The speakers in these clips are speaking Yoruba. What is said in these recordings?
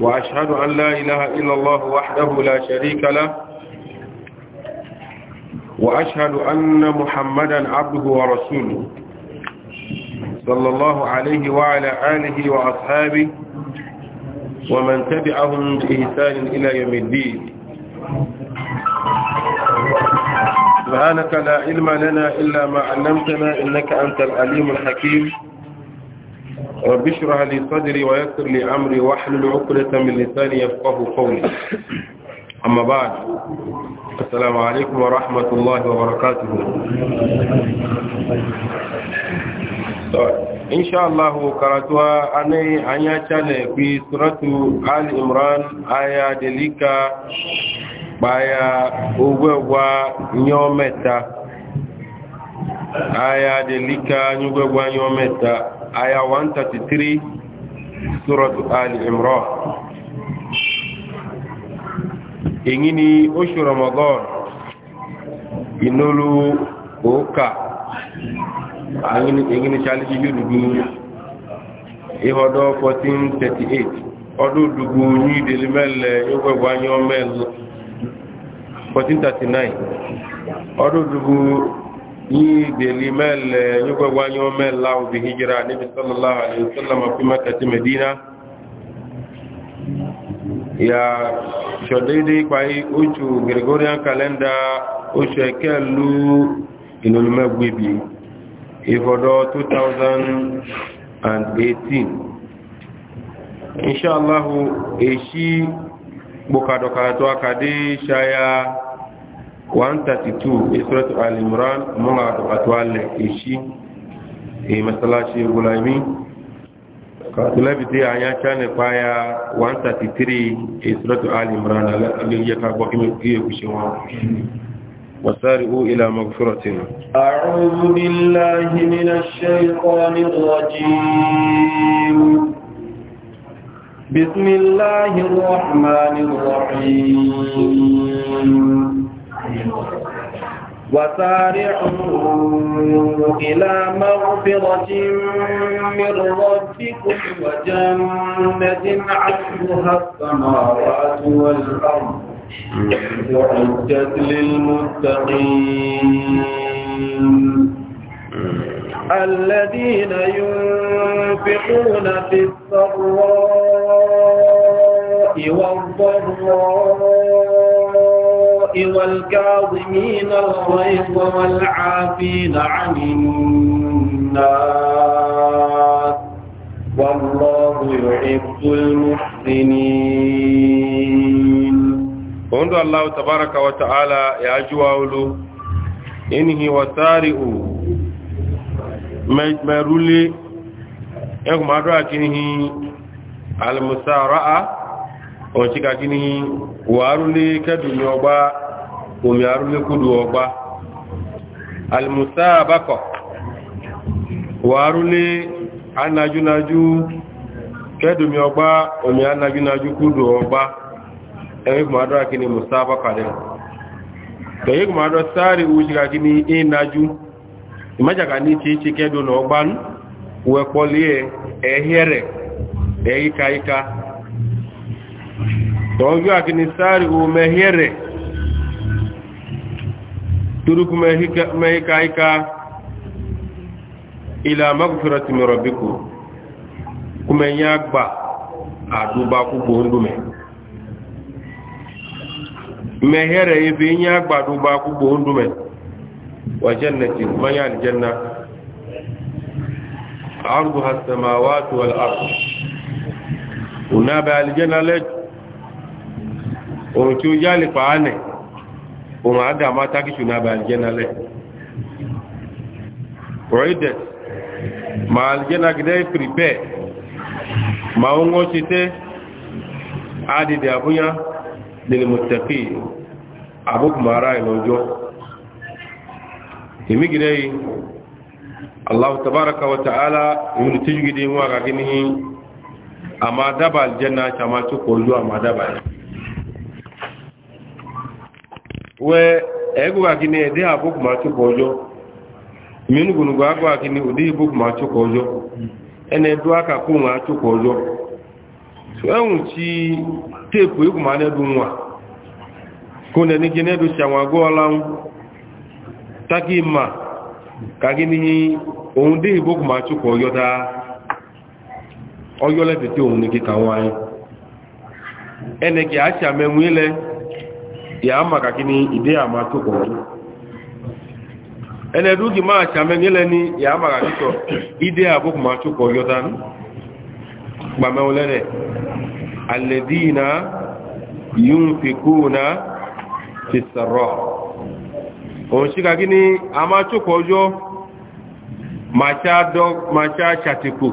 وأشهد أن لا إله إلا الله وحده لا شريك له وأشهد أن محمدا عبده ورسوله صلى الله عليه وعلى آله وأصحابه ومن تبعهم بإحسان إلى يوم الدين سبحانك لا علم لنا إلا ما علمتنا إنك أنت العليم الحكيم رب اشرح لي صدري ويسر لي أمري واحلل عقدة من لساني يفقه قولي أما بعد السلام عليكم ورحمة الله وبركاته إن شاء الله قرأتها أنا أنيا تشالي في سورة آل عمران آية دليكا بايا أوغوا نيومتا آية دليكا نيوغوا نيومتا aya 133 surat ali imran èyí ni oṣù ramadan ìnolu òkà èyí ni ṣáàlìjì yóò dùgbù ìhọ́dọ́ 1438 ọdún dùgbù ní ìdèlé mẹ́lẹ̀ yóò pẹ̀gbọ́ anyọ́ 1439 ọdún dùgbù yi deli mele nyugwe wanyo mele lau bi hijira nabi sallallahu alaihi wasallam fi makka ti medina ya shodidi kwa yi uchu gregorian calendar uchu ekelu inolume gbibi ifodo 2018 inshallah eshi bukadokadwa kadi shaya 132 isratu al-imran mọ́nà àtúwálẹ̀ èṣí èyí masalashi gulami kàtùlẹ́bì tí a yá chánẹ̀ páyà 133 isratu al-imran alẹ́yẹ ká gbọ́ kí èkú ṣe wọn وسارئوا إلى مغفرة أعوذ بالله من الشيطان الرجيم بسم الله الرحمن الرحيم وسارعوا إلى مغفرة من ربكم وجنة عرضها السماوات والأرض أعدت للمتقين الذين ينفقون في السراء والضراء والكاظمين الغيظ والعافين عن الناس والله يحب المحسنين وندو الله تبارك وتعالى يا جواولو إنه وسارئوا مرولي يقوم أدرى كنه المسارعة وشكا كنه warule kadumi ọgba omi arule kudu ọgba almusa abakọ warule anajunaju kadumi ọgba omi anajunaju kudu ọgba ẹni kuma adọ́ akini musa abakọ dẹ kẹyí kuma adọ́ sáàrí uji kakini inaju imajaka ni ti ti kẹdu na ọgba wẹkpọlie tọ́jú àkíní sáàrí o mẹ́hẹ́ rẹ̀ turuku mẹ́híká iká ilẹ̀ amákùfẹ́rẹ́ ti mẹ́rọ̀ bí kò kúmẹ̀yìn àgbà àdúbà púpọ̀ ń dùmẹ̀ mẹ́hẹ́ rẹ̀ ibi yìn àgbà àdúbà púpọ̀ ń dùmẹ̀ wà jẹ́nà ti mẹ́yà àlìjẹ́nà ohun tí ó yálè pàánẹ̀ ohun àgàmá tákìṣù náà bá àlìjẹ́nalẹ̀ rọ́ìdẹ̀ ma àlìjẹ́nagidẹ́ pìrìpẹ́ ma ń wọ́n ṣe tẹ́ àdìdẹ̀ àbúyá lèlè mọ̀tẹ̀kì àbúkùmọ̀ra ìlọ́jọ́ ìmígidẹ́ yìí allahu tabaraka wa ta'ala ìmìnì tíjú gidi wọn àgàgí ní àmà dábà àlìjẹ́na àti àmà tó kọjú àmà dábà yìí wee egụghakị na ede abụk ma ọjọọ minugunugu na ụdị ibụk ma ọjọọ ena-edu aka kwụ nwa achụkwa ọjọọ enwụchi egwu ma nwa kone n'ike na-educha nwa ma ka gị n'ihi ohun dị ibụk ma ọjọọ daa ọjọọ lefete ohun n'ike ka nwaanyị eneke menwe ile ya ama kakini ide ama to ko ene dugi ma chame ngile ni ya ama kakito ide abo ma to ko yodan ba me olere alladina yunfikuna fi sarra o shi kakini ama to ko yo macha do macha chatiku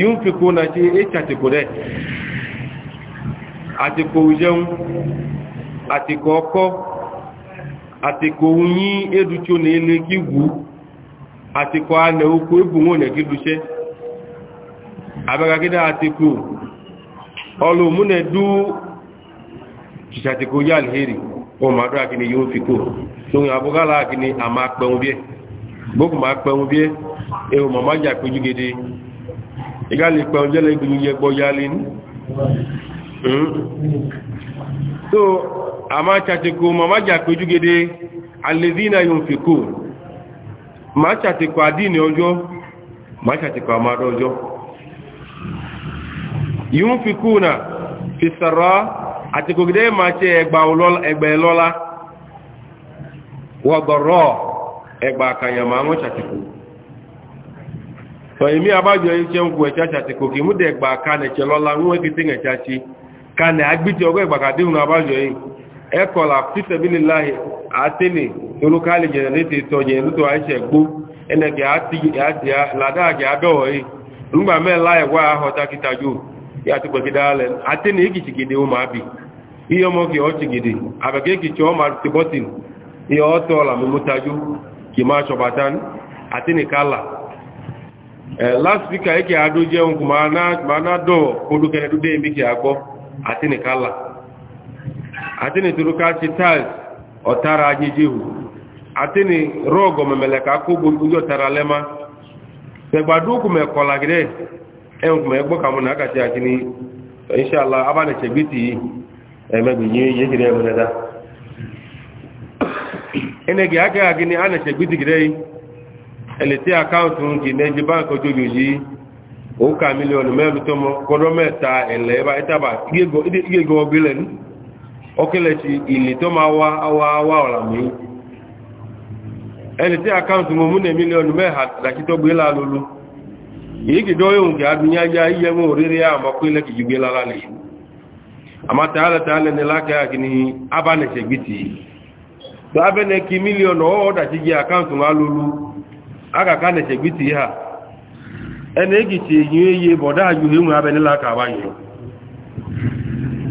yunfikuna ti e chatiku de àti kò jẹun atịkọ ọkọ atịkọ onyi educho na ele gị gwu atịkọ ana okwu ebu nwone gị duche abagagide atịkọ ọlụ mụ na edu chichatịkọ ya alheri ọmọdụ akịni yóò fi kó tóun abúgálà akịni àmà akpẹ̀wọ̀n bíẹ́ bókù máa pẹ̀wọ̀n bíẹ́ ewu màmá jà péjú gidi ìgáàlì pẹ̀wọ̀n jẹ́lẹ̀ ìgbìyànjẹ́ hmm? so àmá ṣàtìkò màmá jàpéjú gede alèzínà yóò fi kò má ṣàtìkò àdínì ọjọ́ má ṣàtìkò àmàdọ́ ọjọ́ yóò fi kò náà fi sọ̀rọ̀ àtìkò gede má ṣe ẹgbà ẹlọ́lá wọ́gbọ̀rọ̀ ẹgbà àkànyàmà wọ́n ṣàtìkò tọ̀yìmí abájọ iṣẹ́ ń kú ẹ̀ṣẹ́ yìí ẹkọ̀lá fífẹ̀bílìláì àtẹ́lẹ̀ olókàlì jẹ̀rẹ̀lẹ́tẹ̀ ìtọ̀jẹ̀ lútọ̀ àìṣẹ̀ gbó ẹnẹ̀gẹ̀ àdáàgẹ̀ àdọ́wọ̀ yìí nígbà mẹ́lá ẹ̀wà ọ̀tàkìtàjò yàtí pẹ̀kìdálẹ̀ àtẹ́lẹ̀ ìkìṣìgìdè ó máa bì iye ọmọ kì ọ́ṣìgìdè àbẹ̀kẹ́ kìṣọ́ ọmọ àti bọ́tìn iye ọ́tọ́ làmúmútajú kì máa ṣọ̀bàtà àtẹ́lẹ̀ kálà lásìkà ẹ̀kẹ́ àdójẹun kò máa ná dọ̀ọ̀ kó dúkẹ́rẹ́ dúdé mi kì àgbọ́ àtẹ́lẹ̀ kálà atini turuka ti tiles ọ̀tara ajejehu atini rọ́ọ̀gọ̀ mẹ̀mẹ̀lẹ̀ ká kó gbogbo ọ̀tara lẹ́má tẹgbàdókù mẹ́kọ̀lá gidẹ́ ẹ̀hùn kùmẹ̀ ẹgbọ́ kàmù náà kàtí àkíní inṣàlá abánẹ̀ṣẹ̀gbé ti ẹ̀mẹ́gbìyàn yẹ́ gidẹ́ ẹ̀mẹ́ dada ẹnẹ́gì ákẹ́ àkíní ánẹ̀ṣẹ̀gbé ti gidẹ́ ẹ̀lẹ̀tí àkáùntù ti nẹ́jì báńkì ojú yìí ó ọkẹlẹ̀tì ilẹ̀ tó máa wá awá awá ọ̀làmí ẹni tí àkáǹtì mọ̀ múnẹ̀ mílíọ̀nù mẹ́ha dàkí tó gbé lálólú ìyíkìdọ́ yóò kí adúnyájá iye mú orírí àmọ́kúnlẹ̀ kìí gbé lálálẹ̀ yìí àmá tààlẹ̀tàálẹ̀ ní lákàákì ní abánẹ̀ṣẹ̀ gbìtì tó abẹ́nẹ̀ kí mílíọ̀nù ọ̀ọ́ dàkí jẹ àkáǹtì lálólú agàkánẹ̀ṣẹ̀ gbìtì ha ẹni èkìtì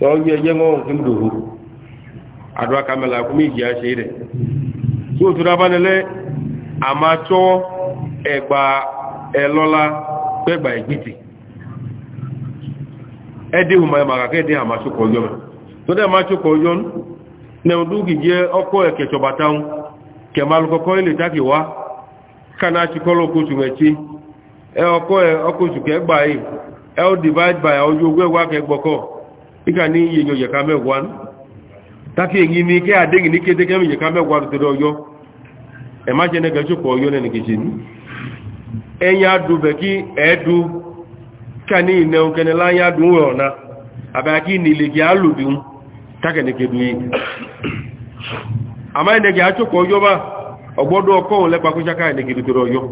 tọ́jú ẹjẹ́ wọn ń dòwò àdúrà kàmẹ́lá kú mí ìjì àṣẹ rẹ̀ tí ó túnra bá nílẹ̀ àmàtọ́ ẹgbà ẹlọ́lá pẹ́gbà ìgbìtì ẹdí hùmà ẹmàkàkẹ́ ẹdí àmàṣọkọ̀ ọjọ́ tó dẹ́ àmàṣọkọ̀ ọjọ́ nẹ̀wọ̀n dúkì jẹ́ ọkọ̀ ẹ̀kẹ̀ ṣọ̀bàtàun divide by ọjọ́ ogún ika ni yi yo yakame gwan taki yi mi ke ade ni ke de kame yakame gwan de yo e ma jene ga joko yo ne ni kijin en ya du be ki e du kani ne o kene la ya du wo na aba ki ni le ya lu bi taka ne ke du yi ama ne ga joko yo ba ogbodo oko le pa ku chaka ne ki du yo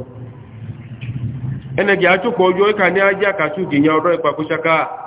ene ga joko yo e ka ni aja ka chu ginya odo pa ku chaka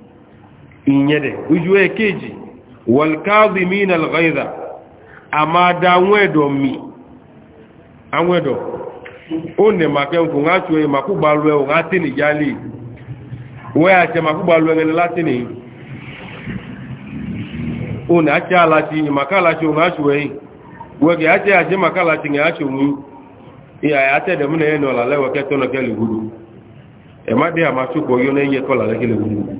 inyede ujue keji wal kadhimin al ghaidha amada wedo mi anwedo one make ko ngachu e makubalwe o ngatini jali we ache makubalwe ngene latini one ache alati makala chu ngachu e wege ache ache makala chi ngachu mu iya ate de mune eno la lewe ketona kele gudu e made amachu ko yone ye kola lekele gudu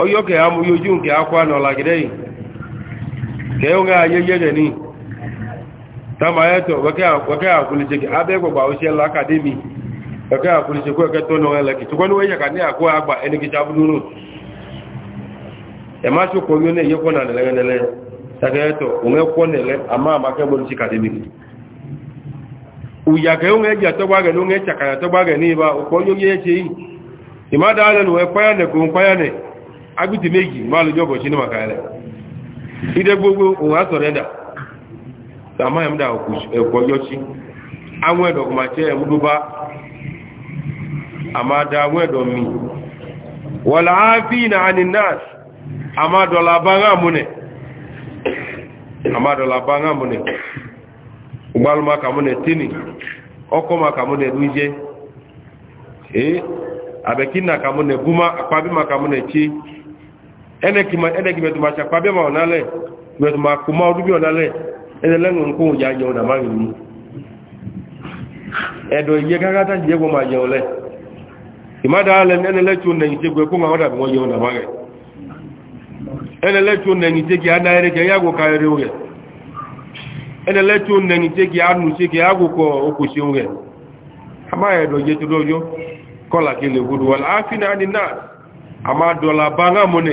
ọyọ́ kẹ amúyójú ń kẹ akọ́ ànà ọ̀làgídẹ́ yìí kẹ ó ń gá ayé yẹ́ jẹ̀ní tàbí ayẹ́tọ̀ wọ́kẹ́ àkúlẹ̀ṣẹ́kẹ́ abẹ́gbọ̀gbà oṣẹ́ l'akadémi wọ́kẹ́ àkúlẹ̀ṣẹ́kẹ́ òyàkẹ́ oúnjẹ ẹjẹ́ àtọ́gbàgẹ̀ ló ń ẹ́ ṣàkàyà àtọ́gbàgẹ̀ ní ìbá òpó yóò yẹ́ ṣe yìí ìmádàá lẹ́nu ẹ̀ pẹ́yànẹ̀ kò ń pẹ́yànẹ̀ agbìtì méjì máa lójú ọ̀bọ̀ sínú màkà rẹ̀ ìdẹ́ gbogbo òun àtọ̀rẹ́dà sàmáyàmdà ẹ̀kọ́ yọ́sí àwọn ẹ̀dọ̀ kò máa tẹ́ ẹ̀múdó bá àmàdà àwọn ẹ̀dọ̀ mi wà láàáfíìnà ànínáàs kàmúnẹ̀ tíní ọkọ̀ ma tí ẹnẹ́kìmẹ̀tùmá ṣàpábẹ́mà ọ̀nálẹ̀ ìmẹ̀tùmá kùmá ọdún bí ọ̀nálẹ̀ ẹnẹ́lẹ́nu nǹkan òjá jẹ ọ̀nà máa rìn ní ẹ̀dọ̀ ìyẹ́ kákátá jẹ́ gbọ́n máa jẹ ọ̀lẹ́ ìmádàálẹ̀ ẹnẹ́lẹ́tù nẹ̀yìn tí gbẹ́ kó máa ọ̀dà bí wọ́n jẹ ọ̀nà máa rẹ̀ ẹnẹ́lẹ́tù nẹ̀yìn tí kì á náà ẹrẹ́kẹ́ yàgò káyẹrẹ rẹ̀ ẹnẹ́lẹ́tù nẹ̀yìn tí kì á nù sí kì á gò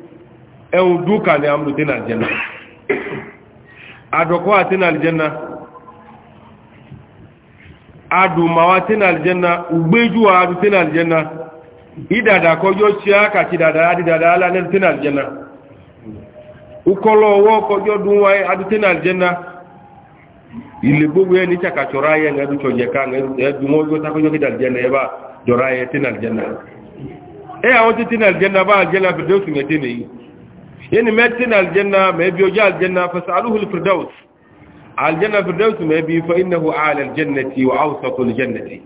ẹ̀hùn dúkà ní àmúlò tí náà jẹ́nà àdọ̀kọ́ àti náà jẹ́nà adùnmàwà tí náà jẹ́nà ugbéjú àdù tí náà jẹ́nà ìdàdàkọ́ yóò ṣe ákàtí dàdà àdìdàdà alánẹ́ tí náà jẹ́nà ukọ́lọ̀ ọwọ́ kọjọ́ dún wáyé àdù tí náà jẹ́nà ilé gbogbo ẹni ṣàkàtọ̀rọ̀ ayé ẹ̀dùn ṣọ̀jẹ̀ká ẹ̀dùn wọn yóò sákọ́jọ́ kí náà jẹ́nà ẹ yani metin aljanna mai biyo ji aljanna fa sa'aluhu alfirdaus aljanna firdaus mai bi fa innahu ala aljannati wa awsatu aljannati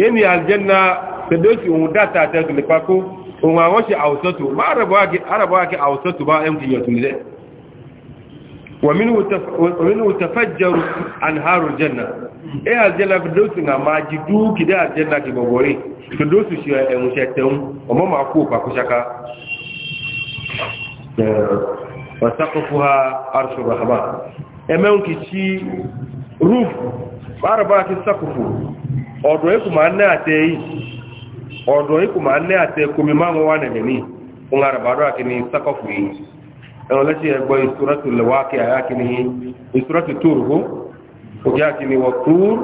yani aljanna firdaus un data ta le pako un wa washi awsatu ma arabawa ki arabawa ki awsatu ba am tiyo tunde wa minhu wa minhu tafajjaru anharu aljanna e aljanna firdaus na maji duki da aljanna ki bogore firdaus shi en shetan o ma ma pa ko shaka وسقفها عرش الرحمن امون كشي روف باربا تسقف ọdọ̀ ikú ma ní àtẹ́ yìí ọdọ̀ ikú ma ní àtẹ́ kòmí máa wọ́n wà nẹ̀mẹ̀ ní fún àrẹ̀bàdọ́ àkíní sákọ̀fù yìí ẹ̀wọ̀n lẹ́sí ẹgbọ́ ìsúrọ́tù lẹ́wàákì àyàkíní ìsúrọ́tù tóòrùkú òkè àkíní wọ́túr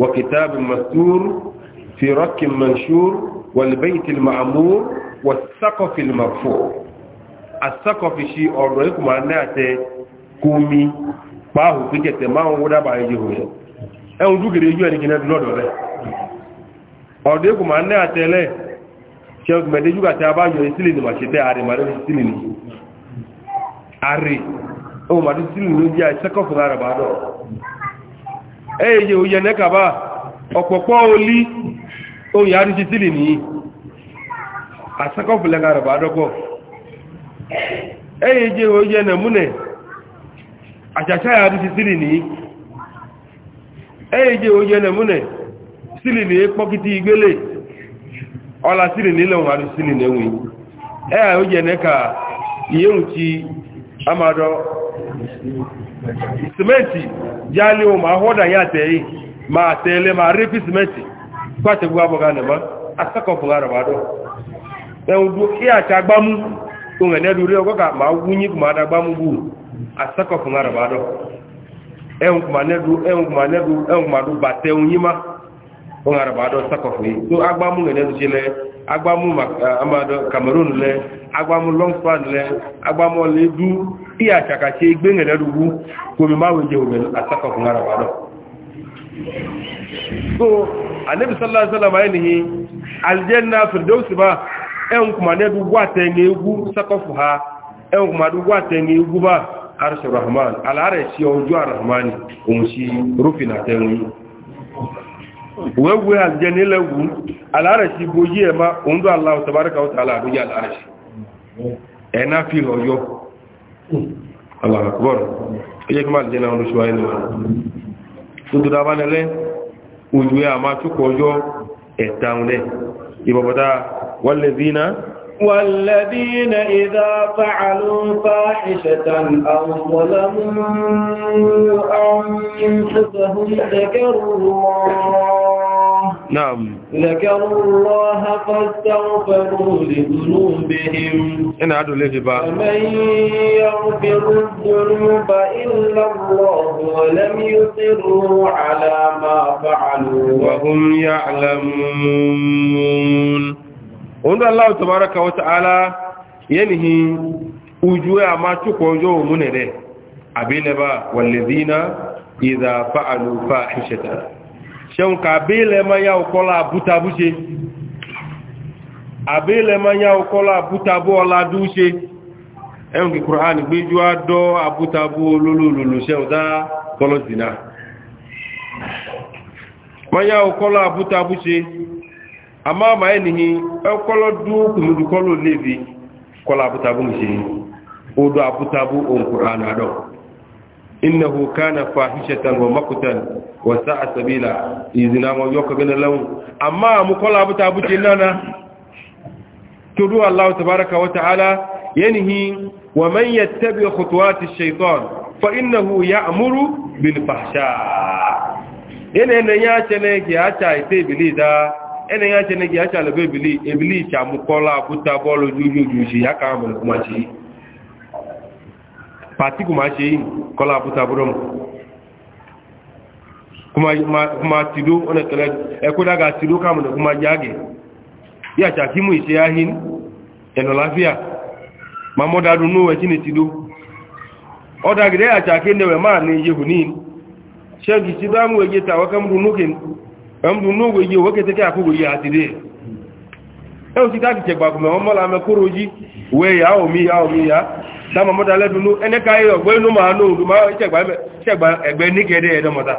wọ́kìtàbí mastúr fi rọ́kì manṣúr wọ́lbẹ́yìtì ma'amúr wọ́sákọ̀fì mafọ́ asakɔfisi ɔrɔ yi kuma ne atɛ komi kpaahu kekete maa ŋun woda baa yi yɛ ɛŋun dukere yi yɔ ɛnikɛnɛ dulɔ dɔ lɛ ɔrɔ yi kuma ne atɛ lɛ tiɛ de a b'a yɔ esili ni ma se tɛ ari ma de esili ni ari ɛŋun ma de esili ni di a dɔ ɛyɛ yɛ ne kaba o yɛ ari esili ni lɛ ẹ̀yẹ jẹ́ oúnjẹ nẹ̀múnẹ̀ àṣàṣáyà àdúsí sílì ní ẹ̀yẹ jẹ́ oúnjẹ nẹ̀múnẹ̀ sílì ní pọ́kítí igbélé ọlá sílì nílẹ̀ òun àdúsí sílì nẹ̀wì ẹ̀yà e oúnjẹ nẹ́ka ìyẹ́hùn ti amádọ́ simenti ma họ́dà yà ma tẹ̀lẹ̀ ma rẹ́pì simenti pàtẹ̀gbọ́ abọ́gá nẹ̀mọ́ akẹ́kọ̀ọ́ fún àrọ̀bádọ́ kunga ne duri ka ma wunyi kuma da ba mu bu asako fun araba do ehun kuma ne du ehun kuma ne du ehun kuma du bate unyi ma fun araba do sako fun so agba mu ne du chile agba mu ma eh, amado cameroon le agba mu long span le agba mu le du iya chaka che igbe ne du bu ko mi ma weje omen asako fun araba do so anabi sallallahu alaihi wasallam ainihi aljanna firdaus ba enwukwumadụ ugwu atenge egwu sakọfụ ha enwukwumadụ ugwu atenge egwu ba arṣi rahman al'arashi ojú arahmani ohun sí rufi na wẹ́wẹ́ àjẹ́ nílẹ̀wù al'arashi bojí ẹ̀má ohun ala aláwọ̀ tàbárẹ́kà يبقى والذين والذين إذا فعلوا فاحشة أو ظلموا أنفسهم ذكروا الله نعم ذكروا الله فاستغفروا لذنوبهم إن عدوا لجبا فمن يغفر الذنوب إلا الله ولم يصروا على ما فعلوا وهم يعلمون وإن الله تبارك وتعالى ينهي وجوه ما تكون جو من ذلك أبينبا والذين إذا فعلوا فاحشة ṣeun ka abẹ́lẹ̀ manya ọkọ́lá abútabú ṣe abẹ́lẹ̀ manya ọkọ́lá abútabú ọládú ṣe ẹ̀hùn kí kùránì gbéjú adọ́ abútabú olólòlò ṣeun dá kọlọ̀sìnà abutabu ọkọ́lá abútabú ṣe a innahu kana fahishatan wa wasa a sabila izina wọn yọ kọgbẹ́ lọ́wọ́ amma a mukọ́lá abu ta buce nana turu allahu tabaraka wa ta'ala yanihi wa man yattabi khutuwati shaitan fa innahu ya'muru bil fahsha yana ne ya ce ne ki ya ta ite ibili da yana ya ce ne ki ya ta labe ibili ibili ta mukọ́lá abu ta bọ́ọ̀lù jujuju shi ya kama kuma ce pati kuma ce yi kọ́lá abu ta bọ́ọ̀lù kuma tido ona kala e ga tido kamu da kuma jage ya ta kimu ise yahin eno da dunu we chini tido o da gide ya ta kende ma ni yehu ni shegi tidamu we ta wakam dunu ken am dunu ya tide e o ta ti gba ko me mo kuroji we ya o ya o ya da ene o ma gba egbe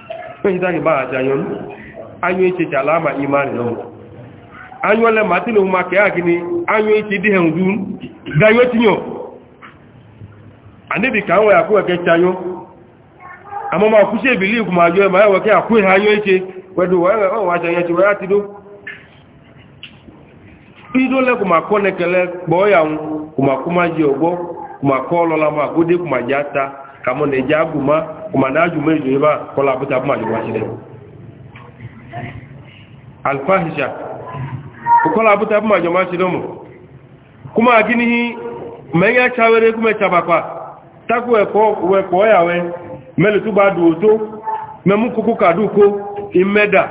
pẹ́ṣítàkì bá àti ayọ́nú ayọ́ ìṣe jàlámà ìmáàrin lọ́wọ́ ayọ́ lẹ màtílò ma kẹ́ àkíní ayọ́ ìṣe díhẹ̀ ọdún gáyọ́ tíyàn àníbì káwọn àkú ẹ̀kẹ́ ṣayọ́ àmọ́ ma kú sí ìbìlì ìkùnmọ̀ ayọ́ ẹ̀mà ẹ̀wọ̀kẹ́ àkú ayọ́ ìṣe pẹ̀lú wọ́n wá ṣe na kàmọ́ ní ẹjẹ́ agùnmá kùmàdá àjùmọ́ ìjò yíba kọlá àbúta fún àjùmọ́ àṣílẹ̀ alfahisha kọlá àbúta fún àjùmọ́ àṣílẹ̀ mọ̀ kúmà gíní mẹ́yà chawere kúmẹ̀ chabapa takú ẹ̀kọ́ ẹ̀yàwẹ́ mẹ́lẹ̀túbà dùótó mẹ́mú kúkú kàdúkó ìmẹ́dà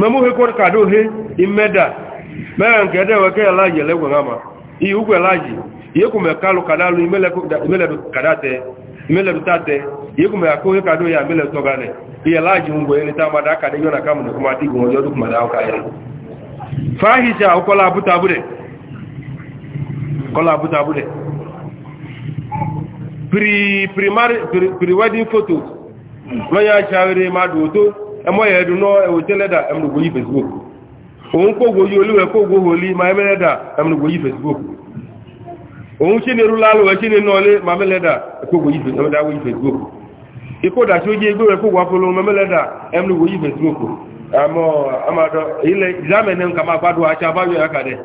mẹ́mú hekọ́rì kàdúhé ìmẹ́dà mẹ́rẹ̀ nkẹ́dẹ̀wẹ́kẹ́ yekume kalu kadalu imeledu kadate imeledu tate yekume akoye kado ya imeledu togane iye laji mungu ele tama da aka yona kamu ne kuma tigu ngojo duk madao kaye fahisha ukola abuta abude kola abuta abude pri primary pri, pri wedding photo lo ya chawere madu to emo yi facebook ko yi ko ma yi facebook òun ṣe ní rúlá lọ́wọ́ ṣe ní nọ́ọ̀lé mamẹ́lẹ́dà ẹ̀kọ́gbò yìí ẹ̀mẹ́dáwò yìí facebook ìkódà tí ó jẹ́ igbó ẹ̀kọ́ wà fọlọ́ mamẹ́lẹ́dà ẹ̀mẹ́dáwò yìí facebook àmọ́ àmàdọ̀ ilẹ̀ ìdámẹ́nẹ́ nǹkan máa gbádùn àti abáyọ̀ àkàdẹ́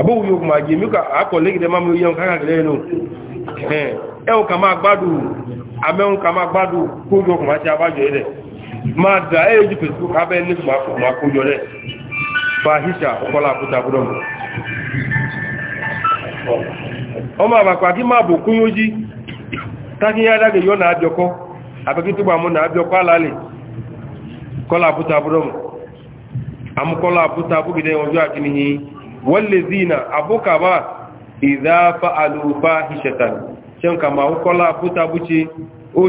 àbúrò yóò máa jẹ́ mí àkọ́ lẹ́gìdẹ́ máa mú iye gbádùn dà ẹ́ ní kójọ rẹ̀ ọmọ àbàkọ àti máa bò kún yóò jí tákíyá adágè yóò náà jọkọ́ àbẹ́kí tó gbàmú náà jọkọ́ alálẹ̀ kọ́lá àpútà búrọ́mù àmúkọ́lá àpútà búgidẹ́ ọjọ́ àti wọ́n lè zina àbúkàbà ìdáfà àlùfà ìṣẹ̀tàn ṣe ń kà máa ń kọ́lá àpútà búchi ó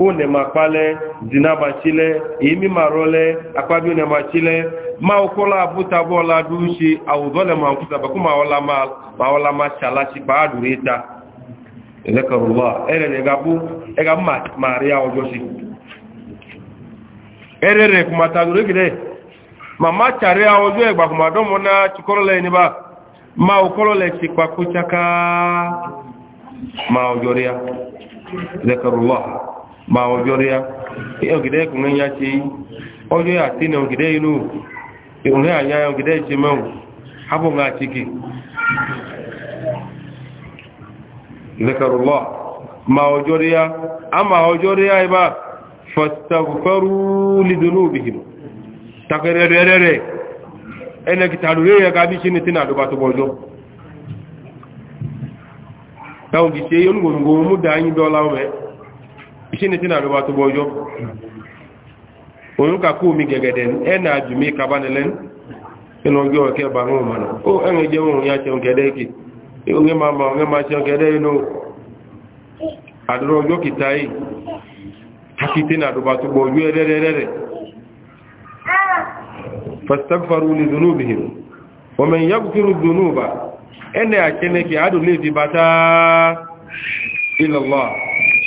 one ma kpalɛ zina ma tsi lɛ emi ma rɔ lɛ akpabi one ma tsi lɛ ma wo kɔla abuta bɔ la du si awu dɔ le ma kuta bɛ ko ma wɔ la ma ma wɔ la ma tsa la tsi kpa du yi ta ɛlɛ kɔrɔ wa ɛlɛ lɛ ka bu ɛka ma maria ɔjɔ si ɛlɛ rɛ kuma ta do rege dɛ mama tsari ɔjɔ yɛ gba kuma dɔ mɔ na tsikɔrɔ lɛ yiniba ma wo kɔlɔ lɛ tsi kpa ko tsaka ma ɔjɔ ria ɛlɛ kɔrɔ wa. ma ọjọ́ rí a ọgidẹ́ ẹkùnrin ya ṣe ọjọ́ àti ní ọgidẹ́ inú ìrùnrin àyà ọgidẹ́ ṣe mẹ́wọ̀n ya àtìkì lẹ́kàrùlọ́ ma ọjọ́ rí a a ma ọjọ́ rí a ibá fọ́sítàkùkọ́rù lìdínú bìhìm takẹrẹ ìṣẹ́ni tí náà ló tó bọ́jọ́ òun kà kú gẹ̀gẹ̀dẹ̀ ẹ̀nà àjùmí kabanilẹ́ nínú ọjọ́ ọ̀kẹ́ bá ń mọ̀nà ó ẹ̀rìn jẹ́ ya ṣeun kẹ́dẹ́ ike oúnjẹ máa ma oúnjẹ máa inú àdúrà ọjọ́ kìta yìí náà tó bọ́jọ́ ẹ̀rẹ́rẹ́rẹ́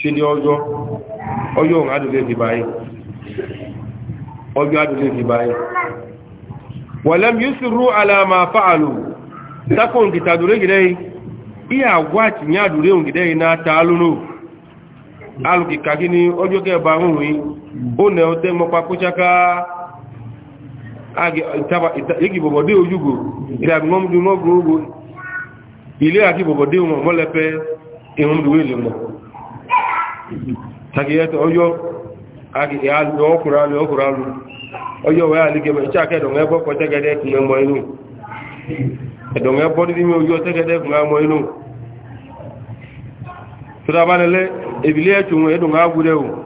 ṣe ni ọjọ́ ọjọ́ òun adùn lè fi báyìí ọjọ́ adùn lè fi báyìí wọ̀lẹ́m yóò sì rú alama fa'alu takon kìtà dúró gidẹ́ iya wáàtì ní àdúré òun gidẹ́ iná ta lónà alùkìkà kí ọjọ́ kẹba ohun yìí ó nẹ ọtẹ́ kó takiyete oyo aki yalu okuralu okuralu oyo we ali gebe cha ke don ebo ko tegede kunwe mo inu e don ebo ni mi oyo tegede inu sura banele e don o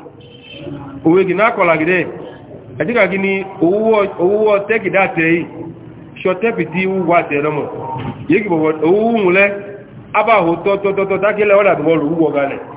owe gina kola gide atika e gini owo owo tei wa yegi bo owo mule aba ho to to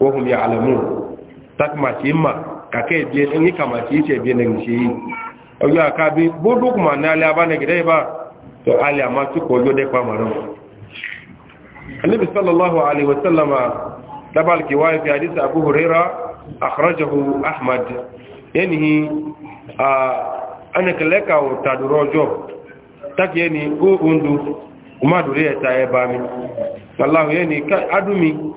wahum ya alamu tak ma ci ma ka kai biye ni ka ma ci ce biye nan ci o ya ka bi bodu kuma na la ba ne gidai ba to ali amma ci ko yo de pa ma ron annabi sallallahu alaihi wasallam tabal ki wa fi hadith abu huraira akhrajahu ahmad yanhi a ana kalaka o tadurojo tak yani o undu kuma dure ta e ba mi sallallahu yani adumi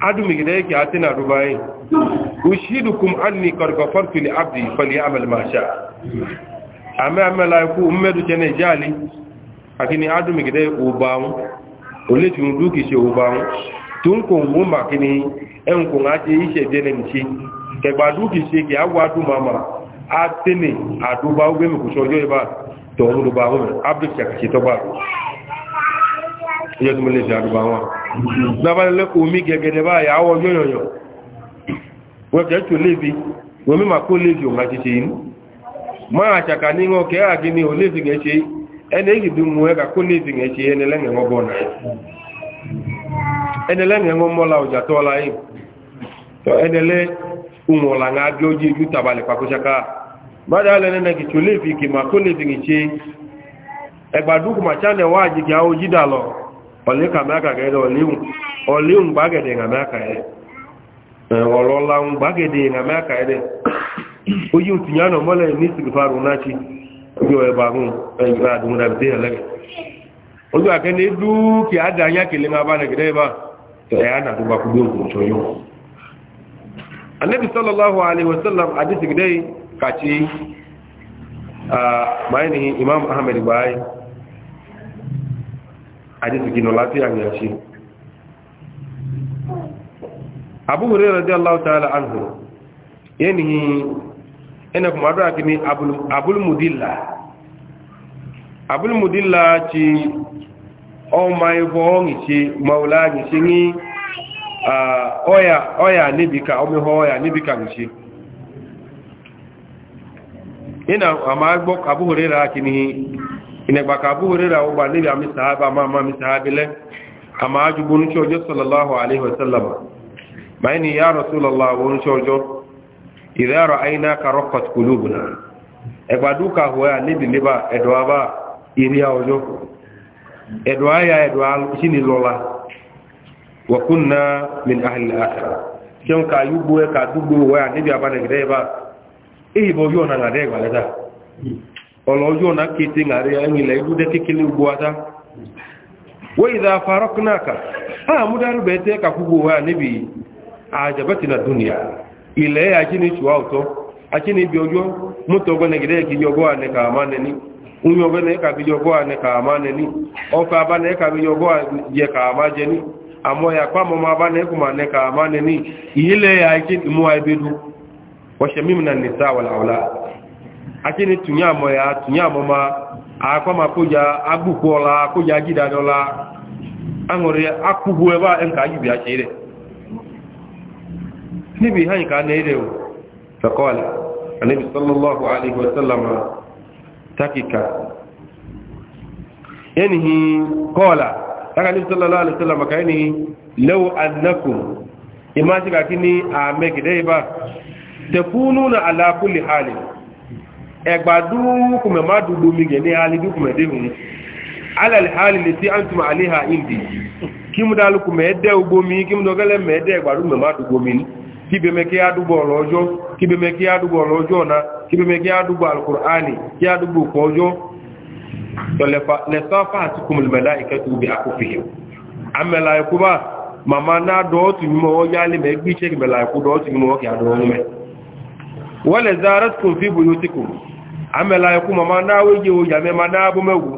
adumigide yake atina rubayi ushidukum anni qad ghafartu li abdi falyamal ma sha ama amala ku ummedu chene jali akini adumigide ubawu oleti nduki se ubawu tunko ngumba kini enko ngati ise dele nchi kegba duki se ke agwa du mama atini aduba ugbe mi kusojo iba to nduba hu abdu chakchi to ba yẹ tó lè ṣe àdúgbà wọn lábálẹ̀ lẹ́kọ̀ọ́ omi gẹ̀gẹ̀dẹ̀ báyà àwọ̀ yọ̀yọ̀yọ̀ wọ́n kẹ́ tó lébi wọ́n mímà kó lébi òun àṣìṣe yìí máa àṣàkà ní wọn kẹ́ àgíní ò lébi gẹ̀ ṣe ẹni èyí bí mu ẹ̀ka kó lébi gẹ̀ ṣe ẹni lẹ́yìn wọn bọ̀ náà ẹni lẹ́yìn wọn mọ́la ọjà tó ọla yìí tọ́ ẹni lẹ́ ohun ọ̀la ń adé ojú ojú tàbálẹ̀ pàkóṣaká bàdà lẹ́nu ẹ̀kì tó lébi kì máa kó lébi gẹ̀ ṣe ẹgbàdúkùmà chánẹ̀ wá àjẹgẹ̀ àwọn ojú dà lọ ole ka maka ga edo ole ole un bagede ga maka e olola un bagede ga maka e oyi utinya no mole ni sigfaru na bagun e eh, ga dun da bi ele oju ake ne du ki adanya kele gede ba to eh, e ana du ba ku do ku so yo annabi sallallahu alaihi wasallam hadisi a bayani ah, imam ahmed bai àdìsìkì nọ láti àmì àṣí abúhùrẹ́ rẹ̀ jẹ́ láwùtàlá yẹ́ ni ẹnà kùmà dọ́ àkíní abúlmùdílà abúlmùdílà ti ọmọ ẹ̀fọ́ ọ̀nìṣe maula nìṣe ní ọ̀yà níbìkà ọmọ ọ̀yà níbìkà nìṣe ina àmà gbọ́ abúhùrẹ́ rẹ̀ inegba ka abu hurera ugba nibi ami sahaba ma ma mi sahabile ama ajubu sallallahu alaihi wasallam maini ya rasulullah arọ chojo idha ra'ayna ka raqqat qulubuna egba duka huwa nibi liba edwa ba iria ojo edwa ya edwa shini lola wa kunna min ahli al-akhirah kion ka yubu ka wa ba abana gideba ibo yona ngadegwa ọlọ́jọ́ na kéte ŋàrí ẹ̀yìnlẹ̀ ìlú dẹ́ kékeré gbogbo adá wọ́n ìdá afárọ́kùnáàkà àmúdárú bẹ̀ẹ́ tẹ́ kàkúgbò wa níbi àjàbẹ́tìnà dúnìyà ilẹ̀ àjíní ṣùwà ọ̀tọ́ àjíní ibi ọjọ́ mútọ̀ ọgbẹ́nẹ̀gẹ̀dẹ́ kìí ọgọ́ ànẹ́kà àmánẹni oyún ọgbẹ́nẹ̀ẹ́kà bí ọgọ́ ànẹ́kà àmánẹni ọfẹ́ abánẹ́ẹ̀kà bí ọgọ́ àjẹkà àmájẹni àmọ́ yàpá mọ́mọ́ abánẹ́ẹ̀kùnmọ̀ ànẹ́kà àmánẹni ìyílẹ̀ àjíní mú àìbẹ́dú wọ́ṣẹ̀ mímú na nìsáwàlàwàlà akini tunye amọ ya tunye amọma akwama akụja agbụkwuola akụja agidadọla aṅụrị akwụgbu ebe a nka anyị bịa chere níbi ha nka na-ere o fakọọla anabi sallallahu alaihi wasallam takika yanihi kọọla aka nabi sallallahu alaihi wasallam ka yanihi lau annakum imajika kini a megide ba tafununa ala kulli halin ẹgbà dúkùmẹ̀ e má dùgbò mi gẹ̀ ní alìdúkùmẹ̀ déhùn e alàlìhálì lè tí a ń túnmà àléhà ìdí kí mú dálùkùmẹ̀ ẹdẹ́ ogbó mi kí mú dọ́gẹ́lẹ̀ mẹ́ẹ̀dẹ́ ẹgbà dúkùmẹ̀ má dùgbò mi kí bẹ̀mẹ̀ kí á dúgbò ọ̀rọ̀ ọjọ́ kí bẹ̀mẹ̀ kí á dúgbò ọ̀rọ̀ ọjọ́ ọ̀nà kí bẹ̀mẹ̀ kí á dúgbò alùkùránì kí á dúgbò ọ̀pọ̀ ọjọ́ lẹ́sàfà àti kùmùlùmẹ̀lá ìkẹtù bí akófihàn amẹ́lá ẹkú bá màmá náà dọ́ọ̀tù mímọ́ yálé mẹ́gbíṣẹ́ ìmẹ̀lá ẹkú dọ́ọ̀tù mímọ́ kí á amela ekwu ma ma na awụ ji oyi ame ma na abụ megwu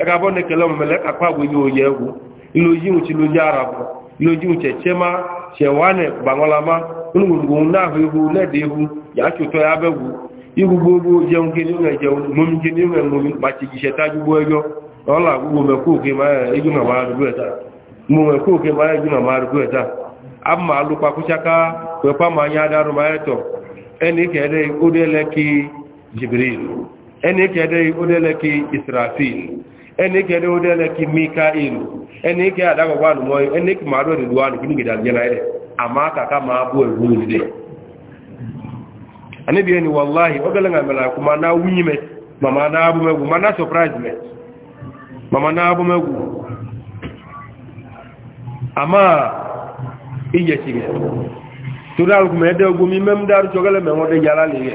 ega abụ na ekele omemele ka kwa gwụghị oyi egwu iloji nwuchi loji arabụ iloji nwuche chema chewane gbanwalama onugwu na ahụ ihu na-ede ya chụtọ ya begwu igwugbo ogbo jeun gị n'iwe je mum gị n'iwe ma jugbo ego na ọla agwụgbo mekwu oke ma ya e, egi ma eta mụ mekwu oke ma ya e, ma eta alụkwa kwụchaka wekwa ma anya adarụ ma e, tọ jibril ẹni kẹ́dẹ́ odẹ́lẹ́kí israfil ẹni kẹ́dẹ́ odẹ́lẹ́kí mikael ẹni kẹ́ àdágbàgbà ànùmọ́ ẹni kí máa rọrì lọ́wọ́ ànùkí nígbèdà jẹ́nà ẹ̀rẹ̀ àmá kàkà máa bú ẹ̀rù ìdílé anibi ẹni wàláhì ọgẹ́lẹ́ngà mẹ́la kò máa ná wúnyí mẹ́ màmá ná abúmẹ́gù ná surprise màmá ná ogun mi yàrá lè yẹ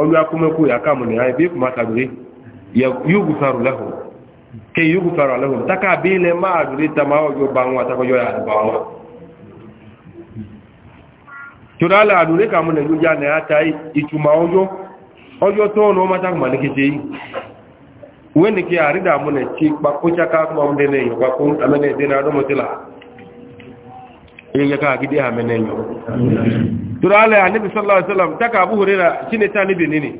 ọlọ́ akọ́mẹ́kọ́ yàkàmù ní àìbí kùmá tàbí yóò gùsàrù lẹ́hùn kí yóò gùsàrù lẹ́hùn tákà bí ilẹ̀ máa rí tamá ọjọ́ bá wọn àtàkọjọ́ àdìbà wọn tòdálà àdúrí kàmù nẹ̀ lójá nẹ̀ àtà ìtumà ọjọ́ ọjọ́ tó ọ̀nà ọmọ tákùmà ní kéje yìí wẹ́n ni kí àrídàmù nẹ̀ tí pàkóṣáká mọ́ yake ka gidi ha menen yo turale annabi sallallahu taka abu hurairah shine ta ne ne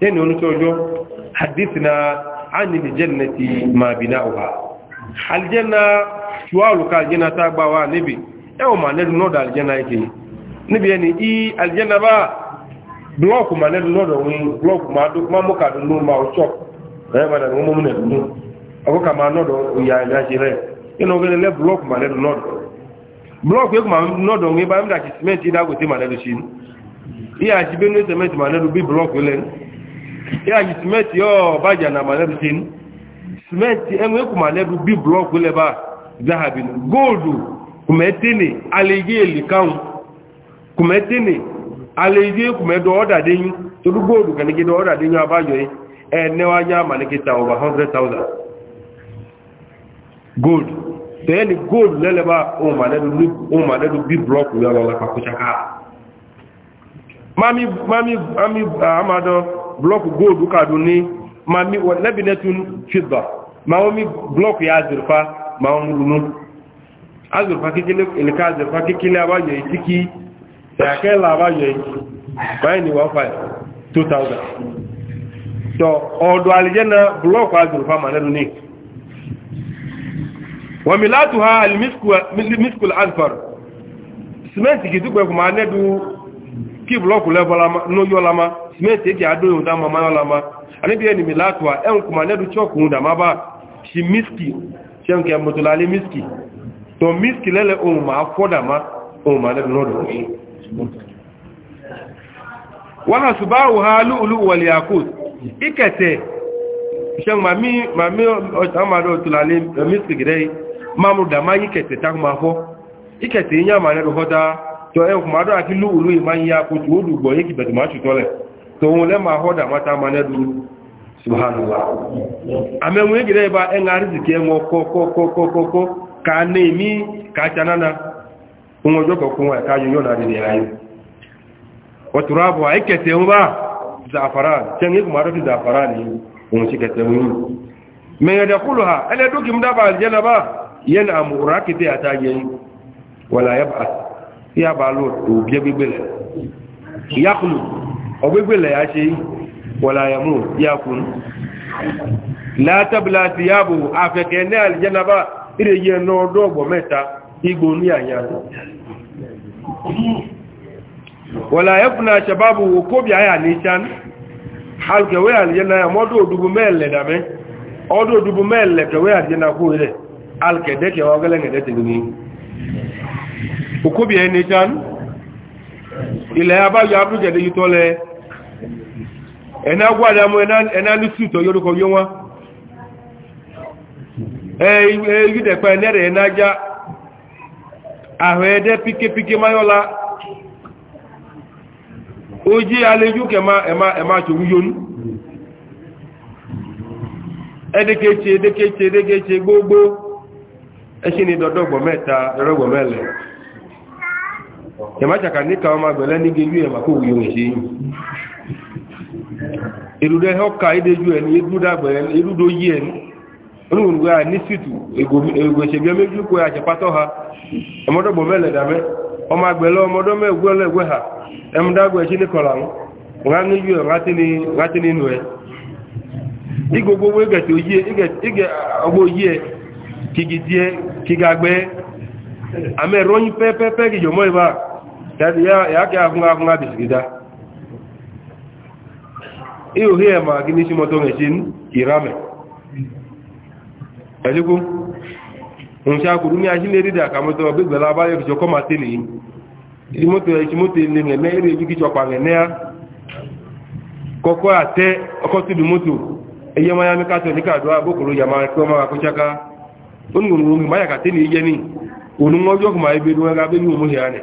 sai ne wani tojo hadithna an jannati ma na aljanna tuwalu ka na ta ma ne no da ne i ba block ma ne no da wani block e ma ma muka da no ma o ma da e, mu mu ne no abuka ma no do ya ma ne no blọk egwu ma nọdụ nwe ebe m dachi simenti dagote ma nedochi ịghachi benu sementi ma nedobi blọk ole ịghachi simenti ọbaja na ma nedochi simenti enwe ekwu ma nedobi blọk ole ebe a zahabin goldu kumetini alegi elikan kumetini alegi kumedo ọda denyu toru goldu kanigide ọda denyu abajo yi ẹnẹwàá yá ma ní kíta 100,000 gold tẹ́ẹ̀lì góòlù lẹ́lẹ́bá ohun màlẹ́dù bí blọ́ọ̀kù yọ lọ́la pàkúṣaká mami mami amadọ blọ́ọ̀kù góòlù kàdùn ní mami lẹ́bìnẹ́tún fìdà ma wọ́n mi blọ́ọ̀kù ya azùrfà ma wọ́n lùnú azùrfà kékeré ìlẹ́ka azùrfà kékeré abáyọ̀ ìtíkí ẹ̀kẹ́lá abáyọ̀ ìtí báyìí ni wọ́n fàyẹ̀ 2000 tọ́ ọ̀dọ̀ àlìjẹ́ na blọ́ọ̀kù azùrfà màlẹ́dù ní وملاتها المسك الأذفر سمنتي كي تكوي كما ندو كي بلوك لفلما نو يولما سمنتي كي أدو يودا ماما يولما أنا بيني ملاتها أن كما ندو تشوك هندا مابا شي مسكي شان كي أمتلالي مسكي تو مسكي للي أمما أفودا ما أمما ندو نودو wọ́nà ṣùgbáwò ha lóòlú wọlé àkóòtù ìkẹtẹ̀ ṣe màmí ọ̀tàmàdọ̀ tùlàlẹ̀ mísìkì rẹ̀ mamu da ma yi kete ikete ma ne taa e kuma aki lu du ma chu tole to won le ma hoda mata ma ne du subhanallah ame won gire ba e ngari zike ka ne mi ka wa ka ayi o ba yẹn àmù rákìtì àtàyẹ wọ̀là yẹba tí a bá lò òbí ẹgbẹ́gbẹ́lẹ̀ ya ṣe wọ̀là yẹmú yákùnù látàbílà ti yáàbò afẹ́kẹ́ ní àlìjẹ́nàbá ìrẹ̀ náà mẹ́ta igbó ní àyà wọ̀là yẹ́fùnà ṣàbábù okóbi àyà ní chan alùkẹ̀wé àlìjẹ́nà mọ́dọ̀ òdùbù mẹ́ẹ̀lẹ̀ dàmẹ́ ọdọ̀ òdùbù mẹ́ẹ̀lẹ̀ kẹ̀wé àlìjẹ́nà kó rẹ̀ alkẹ̀dẹ́kẹ̀ wọn gẹ́lẹ́ ẹ̀dẹ́tẹ̀ ní òkúbì ẹni ján ilẹ̀ abájọ abújẹ̀dẹ́ yìí tọ́lẹ̀ ẹ̀nà gbádàmú ẹ̀nà lùsùtọ̀ yóò wá ẹ̀yídẹ̀pẹ̀ ẹ̀nẹ́rẹ̀ Ema já àwẹ̀ẹ́dẹ́ Edekeche gbogbo ẹṣí ni dọ́dọ́gbọ̀ mẹ́ta dọ́dọ́gbọ̀ mẹ́lẹ̀ ẹ̀májàkà níka ọmọ agbẹ̀lẹ́ ní gẹ́jú ẹ̀mà kó wùyí òun ṣe yìí ìrùdẹ́ ọkà ìdẹ́jú ẹni ìrùdó yí ẹni oníwòrùgbà ní sítù méjì kó ha ọmọdọgbọ mẹ́lẹ̀ dàmẹ́ ọmọ agbẹ̀lẹ́ ọmọdọ́ ha ẹmúdágbọ̀ ẹṣí ní kọlà kigidie tie kiga gbe ame royin pepepe gijo mo iba tadi ya ya agunga agunga afun abisigida iyo hiye ma gini shi moto nge shin irame ajiku nsa kuru ni ajin eri ka moto bi gbela ba yo ma moto e ti ya ma onungo nungo maya ka teni yeni onungo jo kuma ibe do ga be ni mu ya ne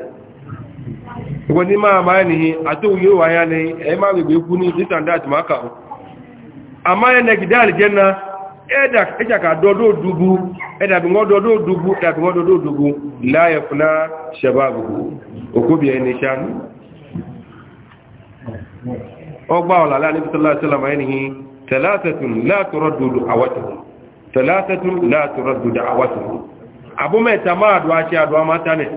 ko ni ma ma ni ato yo wa ya ne e ma be ku ni standard ma ka ama ne gidal jenna eda eja ka do dugu eda bi ngodo do dugu eda bi ngodo do dugu la yafna shababu okobi eni shan ogba ola la ni sallallahu alaihi wasallam enihi thalathatun la turaddu awatuhum talatatu la turaddu da'awatuhu abu mai tama adwa ce adwa mata ne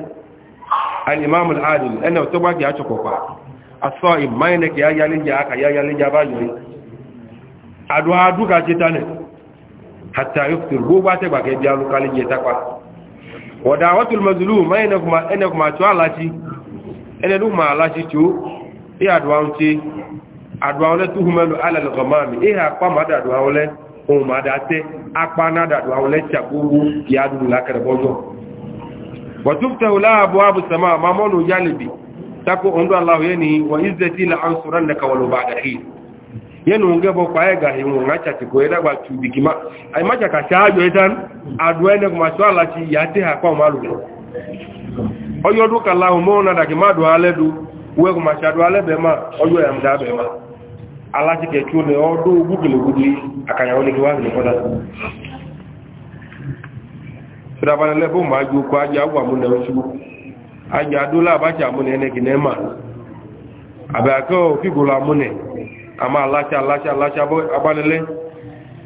al-imam al-adil ana to ba ya choko kwa as-sa'im mai aka ya yalin ya ba yuri adwa duka ce ta ne hatta yuftir ba ta ba kai biya lokalin ya ta kwa wa da'watul mazlum mai ene e ala ohun àdáṣẹ́ apánádàdù àwọn lẹ́tíà gbogbo ìyádùn lákẹrẹbọ́jọ́. wàtúftẹ̀ láàbò àbùsàmà mamọ́nù yálìbì tako ọdún aláwọ̀ ni wà ìzẹ̀tí láàrùsùrán na kawàlù bá àdáṣí yẹnu ń gẹ́bọ̀ pàẹ́gà ìwọ̀n àṣàtìkò ẹ̀dàgbà tùbì kìmá àìmájàkà ṣáájọ ìtàn àdúrà ẹnẹ́gbọ̀n àṣọ àláṣí yàtẹ̀ àpá ọmọ alùpùpù ọyọ́dún kàláhùn mọ́ ọ̀nà dàkìmá àdúrà alẹ́dù wẹ́gbọ̀n àṣàdúrà alẹ́bẹ̀ẹ́mà ọyọ́ aláti kẹ̀kí ó lẹ ọdọ́ ogúgbìlógúgbì àkàyàwó lè wá ní fọ́dá ṣùdábalẹ̀lẹ́ bó máa ju okó ajá wà múnẹ̀ oṣù ajá dólà àbájá múnẹ̀ ẹnẹ́gì nẹ́mà àbẹ̀ àkọ́ òfìgbòlò amúnẹ̀ àmà aláṣà aláṣà aláṣà abánilẹ́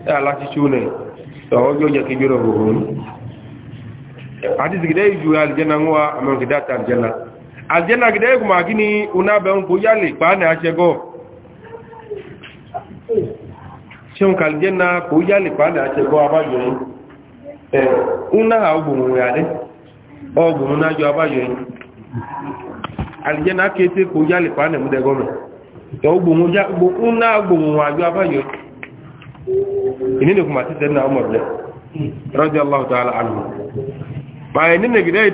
ẹ aláṣì tí ó nẹ̀ ọjọ́ jẹ́ kí jọ́rọ̀ òhun àti sìgìdẹ́ ìjù alìjẹ́nà ń wá àmọ́ ìgbìdá ṣeun kàlùjẹ́ náà kò yálè padà ṣẹ̀gbọ́ abájọ́yìn ẹ̀ ń náà ọgbòmù rẹ̀ ọgbòmù náà jọ abájọ́yìn àlùjẹ́ náà kéte kò yálè padà múdẹ̀gọ́mẹ̀ tọ́ ọgbòmù náà ọgbòmù àjọ abájọ́yìn ìnínìkùnmà títẹ̀ náà ọmọ rẹ̀ rọ́jì aláwọ̀tọ́ aláàlùmọ̀ báyìí nínìkìdẹ́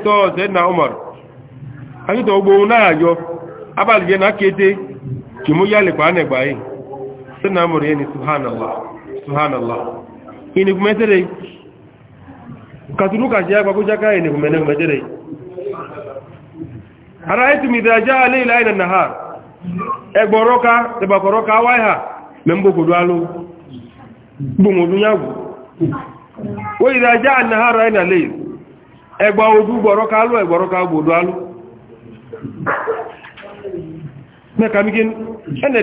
ìtọ́ sannan amur yani subhanallah subhanallah ini kuma ita dai ka tunu ka shiya babu jaka ne kuma ne kuma ita dai har aitu mi da ja alai la nahar egboroka da bakoroka waiha men boko dwalo bumu dunyagu wa idha ja an nahar ina layl egba odu gboroka lo egboroka gbodo alu meka mi gin ene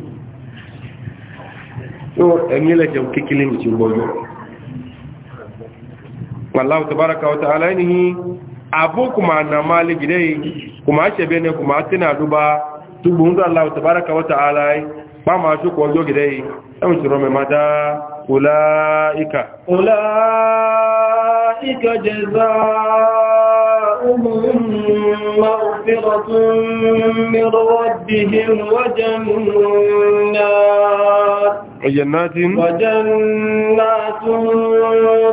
so ẹ̀yìn lẹ́jẹ̀ kékeré mi ti gbọ́jọ́ pàláwù tàbárakà ọ̀tà aláìníhí àbó kùmà nà máa lè gìdẹ́ yìí kùmà ṣẹ̀bẹ̀ ní kùmà tẹ́nà àdúbà túgbùn tó aláwù tàbárakà ọ̀tà aláì pàmà ṣókò ọjọ́ gìdẹ́ yìí ẹ̀mùsùrọ̀mẹ̀ máa dáa أولئك أولئك جزاؤهم مغفرة من ربهم وجنات وجنات وجنات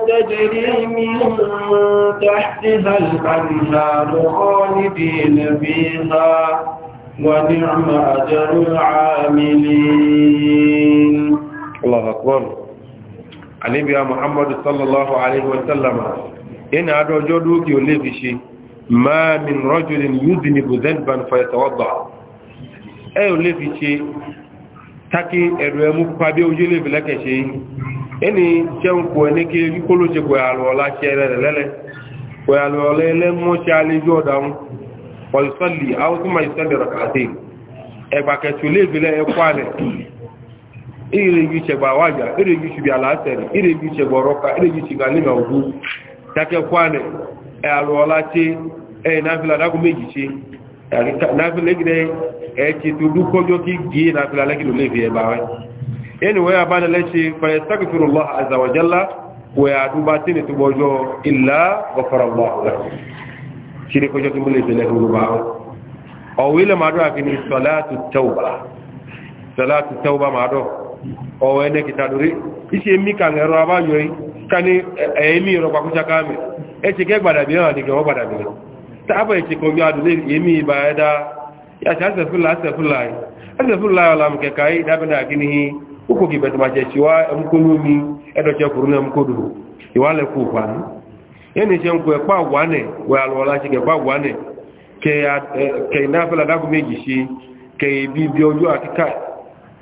تجري من تحتها الأنهار خالدين فيها ونعم أجر العاملين الله أكبر anibiya muhammadu sallallahu alaihi wasallama ina adojo duki o lebi ṣe ma min rajulin yudini buzenban faitawadda ẹ e o lebi ṣe taki ẹ̀rọ ẹmú pàbí ojú lebi lẹ́kẹ̀ ṣe ẹni jẹun kò ẹni kí kóló ṣe kò àlọ́ọ̀lá ṣe rẹ̀ lẹ́lẹ́ kò àlọ́ọ̀lá ẹlẹ́mọ́ ṣe alẹ́jọ́ lebi e ireju chegba waja ireju chibi ala aseri ireju chegba ọrọka ireju chibi alima ugwu takekwane e alụọla chi na e nafila dagu meji chi nafila egide echi tudu kojo ki gi nafila legido levi ebe awe eni wee abana lechi fayastaghfiru allah azza wa jalla wee aduba tini tubojo illa ghafara allah lahu shiri kojo ki mulebe lehudu bawe ọwile madu akini salatu tauba salatu tauba madu ọwọ́ ẹ̀nẹ́ kìtà lórí iṣẹ́ mi kàn ẹ̀rọ abáyọ yìí ká ní ẹ̀ẹ́mí ìrọ̀ pàkúṣà káàmì ẹ̀ ṣe kẹ́ gbàdàbí náà nìkan wọ́n gbàdàbí lọ tábà ẹ̀ ṣe kan bí adùn èmi ìbà ẹ̀dá yàtì àṣẹfúnlá àṣẹfúnlá yìí àṣẹfúnlá ọ̀làmù kẹ̀kà yìí dábẹ́nà àgínní yìí ukwu gị bet ma chechiwa ya na-eche nkwu ekpa agwane wee alụọla chi gekpa agwane ke na afela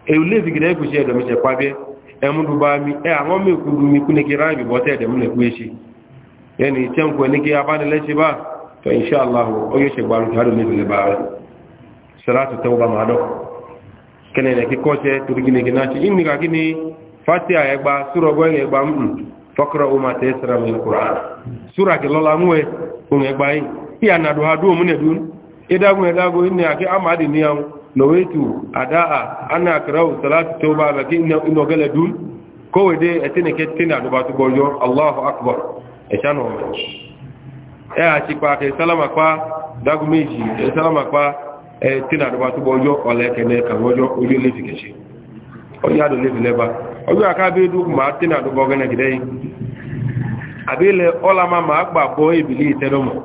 eulevigira ekwuchi edomechekwabie emrubami aṅụmekwurumikwu na ekere anyị bibọta edem na-ekwu echi ya na iche nkwe na ike abanilecheba to inshallah onye chegbaru ka adolevelebaara salatu tauba ma adọ kenene kikọche tụrụ gine gị nachi imi ka gịnị fatia egba sura ogwe ga egba mkpu fakra uma ta esra min qur'an sura ke lola nwe kun egba yi ya na do hadu mu ne dun idagun edagun ni ake ama ni awon nawaitu adaa ana akrau salatu tauba ba ki ina ino gala dun ko wede etene ke tinda do batu bojo Allahu akbar e chano e a ti pa ke salama pa dagu meji e salama pa e tinda do batu bojo ole ke ne ka bojo ojo le fikeshi o ya do le le ba ojo aka be du ma tinda do bogo ne gidei abele ola ma ma agba bo ibili tedomo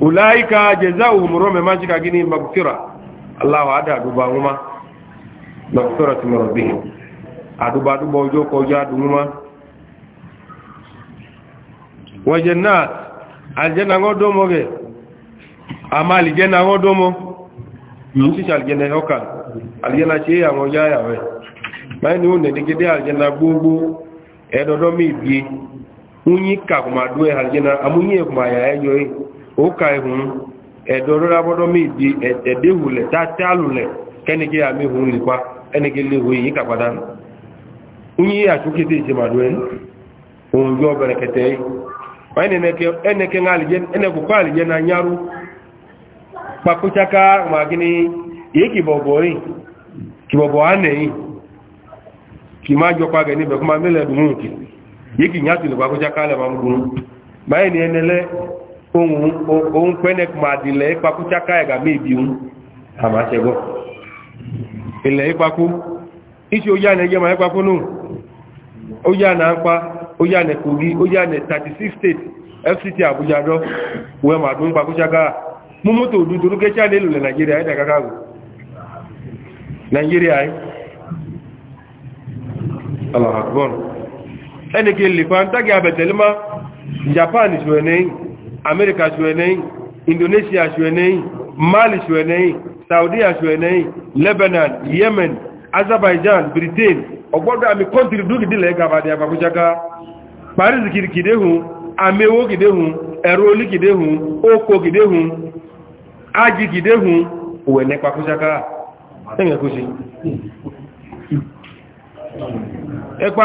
ulaika jazaohum rome majika gini magfira allah wa ada duba nguma magfira tu rabbihim aduba duba ojo ko ja dunguma wa jannat aljanna ngodo moge amali janna ngodo mo nti chal janna yoka aljanna chi ya ngoja ya we mai ni unne digide aljanna gugu edodo bi unyi ka kuma duwe aljanna amunye kuma ya ejo e. òkà ìhun ẹ̀dọ̀ rọ́rọ́ abọ́dọ́ méjì ẹ̀dẹ́hùlẹ̀ tààtẹ́ àlùlẹ̀ kẹ́nìkí àmì ìhun nípa ẹnìkí léwu yìí kàpadà nyi àtúkété ìṣèmàdó ẹni òun yọ bẹ̀rẹ̀ kẹtẹ́ yìí wọ́n na nyárú pàkúchaka yìí ánẹ̀ yìí kì máa jọ níbẹ̀ kó máa mẹ́lẹ̀ dùn ohun kwenek ma dị le ịkpakwu chaka ya ga-ama ebinwu amachego ile ịkpakwu isi oyi a na-ege ma ịkpakwu nụ oyi na-akpa na na-36 steeti fct abuja dọ wee ma dụ mkpakwu chaka mụ moto duduru kecha na naijiria lè ń tàgé abẹ̀tẹ̀lẹ́mà japan america chuenei indonesia chuenei mali chuenei saudia chuenei lebanon yemen azerbaijan britain ọgbọ́dọ̀ àmì kọ́ntìrì dúkìdílẹ̀ gàbàdì àbàkújáká paris kìdéhùn àmẹ́wó kìdéhùn ẹ̀rọ olí kìdéhùn ókò kìdéhùn ájì kìdéhùn òwẹ̀lẹ́ pàkújáká ẹ̀yẹ̀ kó ṣe ẹ̀pá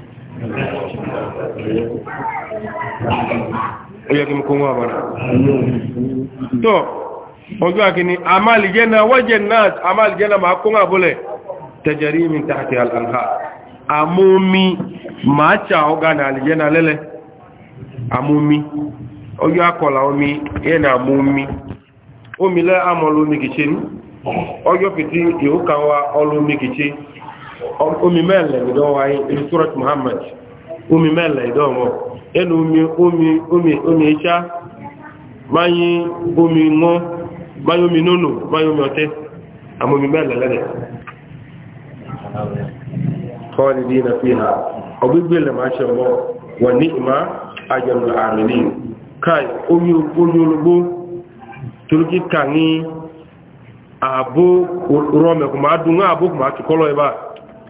ó yẹ kí mú kó wọ́n àbọ̀nà tó ọjọ́ àkíní àmàlìjẹ́nà wọ́jẹ̀ náà àmàlìjẹ́nà máa kó àbúlẹ̀ tẹjẹrí mi tààtì alàǹkà àmómi máa chà ọgá lẹ́lẹ́ ọjọ́ omi yẹ́nà àmómi omi lẹ́ àmọ́lómi kìí ṣe ní ọjọ́ fìtí ìhókàwà ọlómi kìí ṣe omi mẹ́lẹ̀ ìdán wáyé ibi surat muhammad omi mẹ́lẹ̀ ìdán wọn ẹnu omi omi omi omi ẹ̀ṣá máyí omi wọn máyí omi nónò máyí omi ọtẹ àmọ́ omi mẹ́lẹ̀ lẹ́lẹ̀ kọ́ọ̀lì ní ìnà fíhà ọgbígbé lè máa ṣe mọ́ ní ìmá àmì ní káì omi kàní ààbò rọmẹkùnmá dùn ààbò kùnmá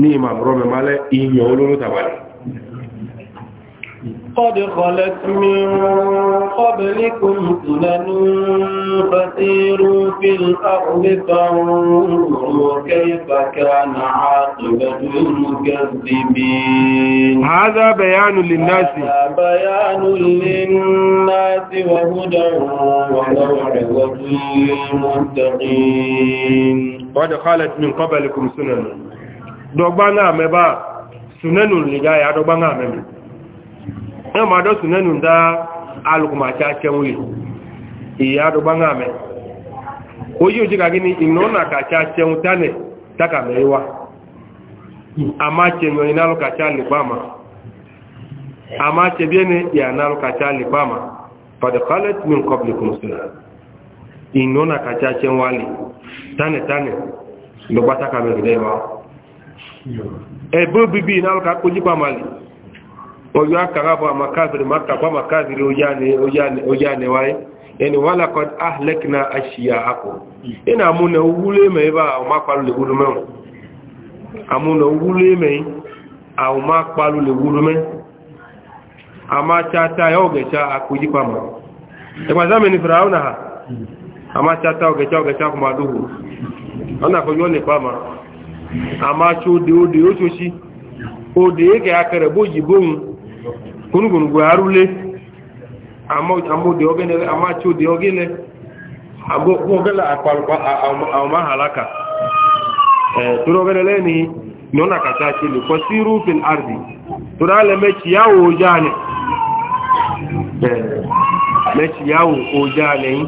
ní ìmọ̀ àmúrọ̀ mẹ́má lẹ́ ìyàn olóró tàbàlì. Kọ́dì kọlẹ̀ tí mi kò mú ìlànà fàtí rúfin àkùnlẹ́ta rúrùkẹ́ ìfàkà náà àtùgbẹ̀dù ìrùkẹ́ sí bí. Hàádá bayánù lè náàsì. Bayánù lè náàsì wà dọgba náà mẹ́bà sunẹ́nù nìyá ya dọgba náà mẹ́mì ẹ ma dọ́ sunẹ́nù dá alùkùnmàṣá kẹun lè ìyá dọgba náà mẹ́ oyi ojú kàkí ni ìnà ọ̀nà kàṣá kẹun tánẹ̀ tákàmẹ́ wa àmà kẹyàn iná lọ kàṣá lè pàmà àmà kẹbí tánẹ̀ tánẹ̀ dọgba ẹ̀bọ́ bíbí iná lọ́ka kó jípa máa lè ọjọ́ akàrábọ̀ àmàkázìrì màkàbọ̀ àmàkázìrì ojáàni wáyé ẹni wà lákọ̀ ahlẹ́kìnà àṣìyà akọ̀ ẹni àmúnà wúlé mẹ́ bá àwọn mápalu lè wúlú mẹ́wọ̀n àmúnà wúlé mẹ́ àwọn mápalu lè wúlú mẹ́ àmàchata ọgẹ̀ṣà akó jípa máa ẹgbàzámẹ́ni fìrà áwùnà ha àmàchata ọgẹ̀ṣà ọgẹ̀ṣà kọmọdúhù ọ amacha ode ode ochochi ode ga akara bụ oyibowu gburugburu arụle amacha ode ogele ogele akpalụmahalaka toro ogele leni na ọ na-akacha chile kwesị rufin ardi toro ala mechi ya wo oje anyị mechi ya wo oje anyị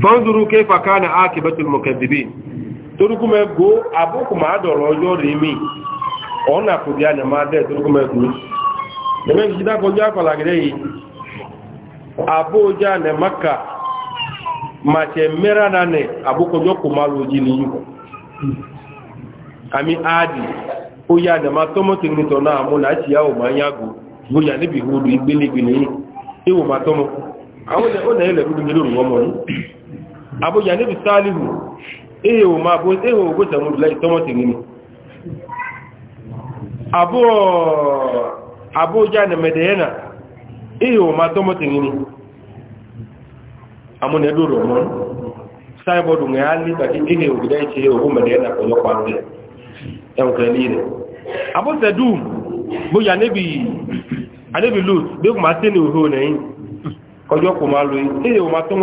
فانظروا كيف كان عاقبة المكذبين torukume go abokuma adọrọ ọjọ rimi mi ọna kudi anya ma dẹ torukume go nẹmẹ kìí dákọ ọjọ akọlà gẹrẹ yìí abójá nẹ maka màṣẹ mẹra nanẹ abokọjọ kuma lójí ni yìí àmì áàdì ó yá nẹ ma tọmọ tìrì tọ náà mọ náà tìyà ọmọ anyá go bóyá níbi ìhòòdù ìgbélégbélé yìí ìwò ma tọmọ àwọn ọ̀nà ẹlẹ́gbẹ̀rún lórí wọn mọ̀ ní abójá níbi sáàlì hù ihe ma bụ ihe ogweta abụọ itomoti gịnị abuja na medina ihe ma tomoti gịnị amụna eduru mụ saibọdụ nwe ya lita gị ihe iche ihe ogwu medina kọjọ kwanụ ẹnkẹlẹ rẹ abọ́sẹ̀dùm bóyá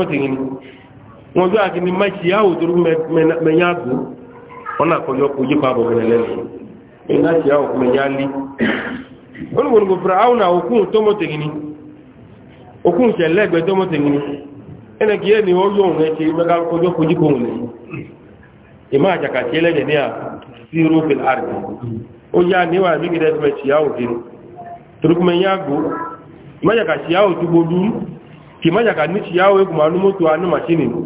wọn tó àti ní máṣí yáwó tó mẹyà bù wọn náà kọjọ kó yípa bọ̀ bẹ̀rẹ̀ lẹ́nu ẹ̀yìn láti yáwó mẹyà lé olùgbòǹgbò fúra àwọn òkun tọmọtẹ̀gì ni òkun ṣẹlẹ́gbẹ̀ẹ́ tọmọtẹ̀gì ni ya kí ọ wọ́n kọjọ kó yípa òun lẹ́yìn ìmọ̀ àjàkàtì ẹlẹ́gẹ̀ ní à sí rúfin àrùn ó yá níwà nígbìdẹ́ tó mẹ́ṣí yáwó kiri torókùnmẹ́yà gbó ìmọ̀ àjàkàtì yáwó tó gbó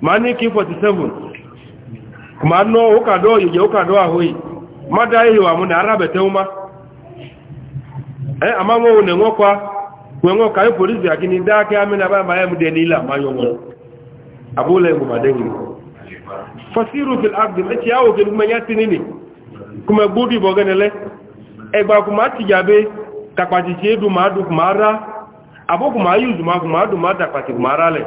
ma ní kí 47 ma ná yeye yìí ókàdọ́ àhóyì má dá ihò àmúnà arábẹ̀tẹ́ ó má ẹ́ àmá wọ́n òun ẹ̀wọ́n kwa wọ́n kàí ya àkíní dákẹ́ amínà báyàmà ẹ̀ múdẹ ní ilà máa yọ wọn abúlé ìgbò màdẹ́yìn fasiru fil abdi ẹ̀kí àwọ̀ kí lùmẹ̀ yá tínì nì kùmẹ̀ gbódù ìbọ̀ gẹ́nẹlẹ́ ẹgbà kùmà tìjàbé tàpàtì tí é dùn máa dùn kùmà rá àbókùmà yìí dùn máa dùn máa tàpàtì kùmà rá lẹ̀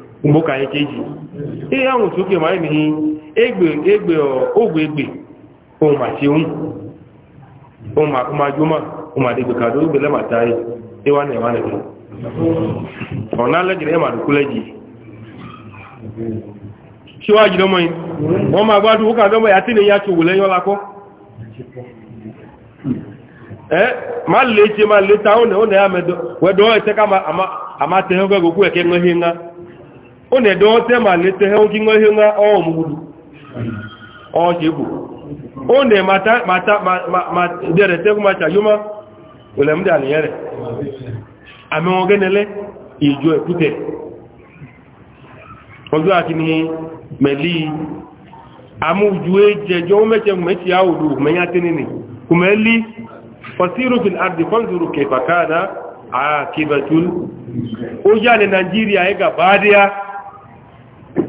mgbe ka anyị ka eji ihe ahụ otu ma anyị n'ihi egbe egbe ogwe egbe ụmachi ụmajuma ụmadegbe ka doo gbele mata anyị ịwa na ịwa na ịwa ọ na-ala gịrị ịma nkwule ji ṣíwá jìdọ́ mọ́ yìí wọ́n gbádùn ó yà tí lakọ́ ẹ́ ma lè ṣe ta ya ẹ̀ ó nẹ̀dọ́ tẹ́ ma lè tẹ́ ẹun kí wọ́n ihe ńlá ọwọ́ mọ́gbùdù ọ̀ṣẹ́gbù ó nẹ̀ dẹ̀rẹ̀ tẹ́kùn ma ṣàyọ́má olèmdà nìyẹn rẹ̀ àmì wọn gẹ́nẹ̀lẹ́ ìjọ ẹ̀kútẹ̀ ọjọ́ àti ní mẹ̀lí amújú ẹjẹjọ mẹ́jẹ mẹ́tí àwòdù mẹ́yà tẹ́nìní kùmẹ́lí fọ́sírùfin àdìfọ́nsùrù kẹfàkádà àkíbàtúl ó yà ní nàìjíríà ẹgà bá dé á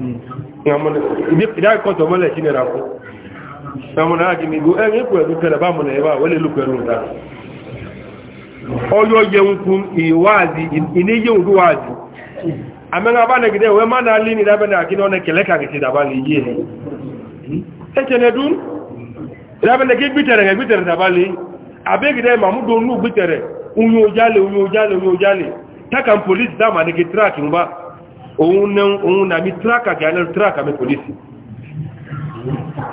ìdáìkọ́tọ̀ mọ́lẹ̀ kí nẹ́ra fún ẹmọ́nà agìnigbò ẹgbẹ́ ìpò ẹ̀dùn kẹrẹ bá mọ̀nà ẹ̀bá wọlé lùpẹ̀rù ìta ọyọ́ yẹun fún ìwáàzì ilé yẹun tó wáàzì àmẹ́ra bá nẹ̀gidẹ́ ìwẹ́ má náà lé ní ìdábẹ́nà àkínà ọ̀nà kẹlẹ́kà taka polisi dama nike traki mba òun na mi tíráka kì á nẹ́rù tíráka mi polisi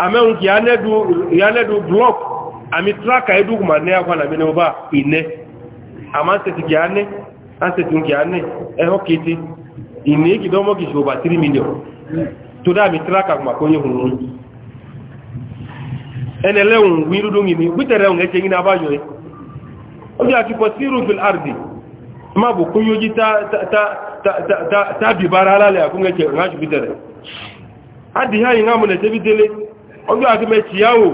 àmẹ́hùn kì á nẹ́rù blọk àmì tíráka ẹdùkùnmà ní àwọn àmì ní ọba ìnẹ́ àmà ń sẹ̀tì kì á nẹ́ ń sẹ̀tì kì á nẹ́ ẹ̀họ́ kété ìní ìkìdọ́mọ́ kì í ṣe 3 million tó dá àmì tíráka kùmà kó yẹ hùn ẹni ẹlẹ́hùn wí dúdú yìí ni wítẹ̀rẹ̀ ẹ̀hùn ẹ̀ ma bu kun yoji ta ta ta ta ta bi bara lale akun ga ke na ju bitere adi ha ina mun te bidele ojo ati me tiyawo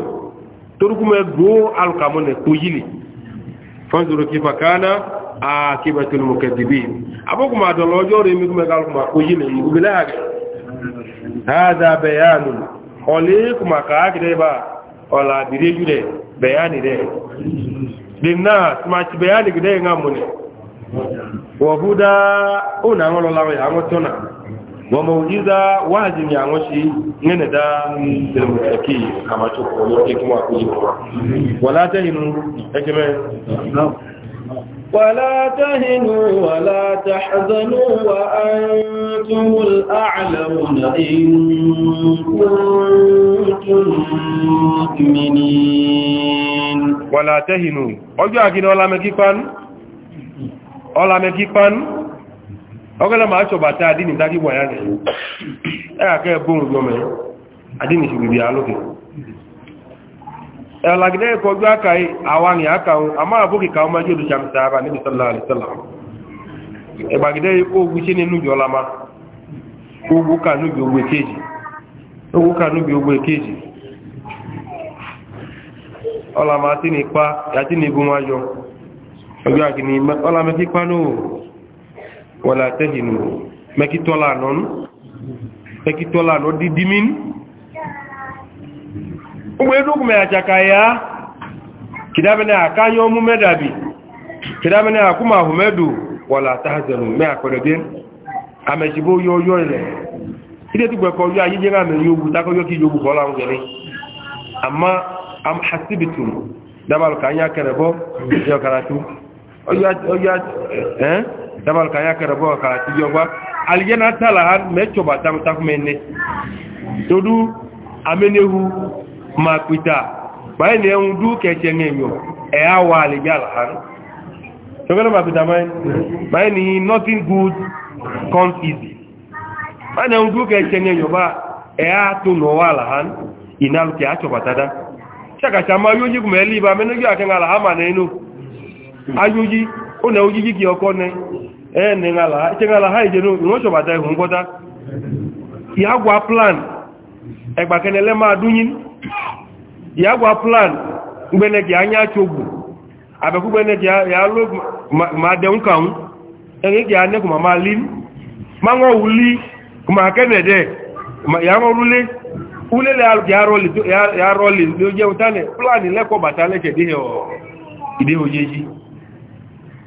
toruku me go alkamune ko yili fanzuru kifa kana akibatul mukaddibin aboku ma do lojo re mi kuma gal kuma ko yili ubila ha hada bayanun oli kuma ka akide ba ola bire jude bayani de dinna ma ci bayani gide ngamune wọ̀húdá ó nà àwọn lọ́láwọ̀ àwọn tọ́nà wọ́n mọ̀ wáàjì ní àwọn ṣe nínú dá ìlúmọ̀tẹ́kì àmàtò pọ̀lú ẹkùn wà fún ìwọ̀n wọ́n látẹ́ inú ẹgbẹ́ ولا تهنوا ولا تحزنوا وأنتم الأعلمون ọla meki pan ọgọ́lá máa ṣọ̀bàtà àdínì dágígbà ya rẹ̀ ẹ̀kàkẹ́ bóòrùn gbọmẹ̀ àdínì ṣùgbìbì alókè ẹ̀làgídẹ́ ìkọjú àkàí àwọn àkàún àmá àbókè ká ọmọ yóò dùsàm sáábà níbi sọ́lá àrẹ́sọ́lá ẹ̀gbàgídẹ́ ogun ọjọ́ àkíní ọlá mẹ́kí pánú wọ̀lá tẹ́jìnú mẹ́kí tọ́lá nọ́n mẹ́kí tọ́lá nọ́ dídí mín ọgbẹ́ ẹdókùn mẹ́ àjàkà ya kìdábẹ́nẹ́ àkáyọ́ mú mẹ́dàbì kìdábẹ́nẹ́ àkúmà ahùmẹ́dù wọ̀lá mẹ́ àkọ̀dẹ̀dẹ́ àmẹ̀sìbó yọ́yọ́ ilẹ̀ ilé tí karatu Eh, eh? dabal ka yakara bo ka tijo gwa aljana tala han me choba tam tak menne todu amenehu ma pita bai ne un du ke chenge nyo e awa aljala han chogala ma pita mai bai ni nothing good comes easy bai ne un du ke chenge nyo ba e a tu no wala han inal a achoba tada chaka chama yo nyi kumeli ba menu yo akenga la hama ne ayuji ó nẹ ojiji kí ọkọ́ ní ẹni ìṣẹ́gbàlá haìjẹ́ ní ìrọ́ṣọ̀bàtà ìhùn kọ́ta ìyàgbà plan ẹgbàkẹ́nẹ̀lẹ́ máa ya ìyàgbà plan gbẹ́nẹ̀kì anya chogbu àbẹ̀kú gbẹ́nẹ̀kì àló máa dẹ̀ ńkàún ẹ̀rẹ́kì anẹ́kù máa lín máa wọ́n wuli kùmà kẹ́nẹ̀dẹ̀ ìyàwó rúlé ulele yàrọ̀lì ló jẹ́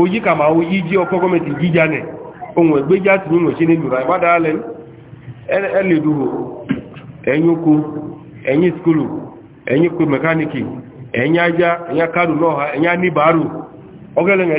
oyi ka ma wo yi ji ọkọ gọọmenti jíjá nẹ ohun ẹgbẹ́já tí ní òṣèlú ìlúra ìbádá alẹ́ ẹlẹ́dùrò ẹ̀yìn oko ẹ̀yìn skulu ẹ̀yìn pé mẹkáníkì ẹ̀yìn ajá ẹ̀yìn akádù lọ́ha ẹ̀yìn aníbàárù ọgẹ́lẹ̀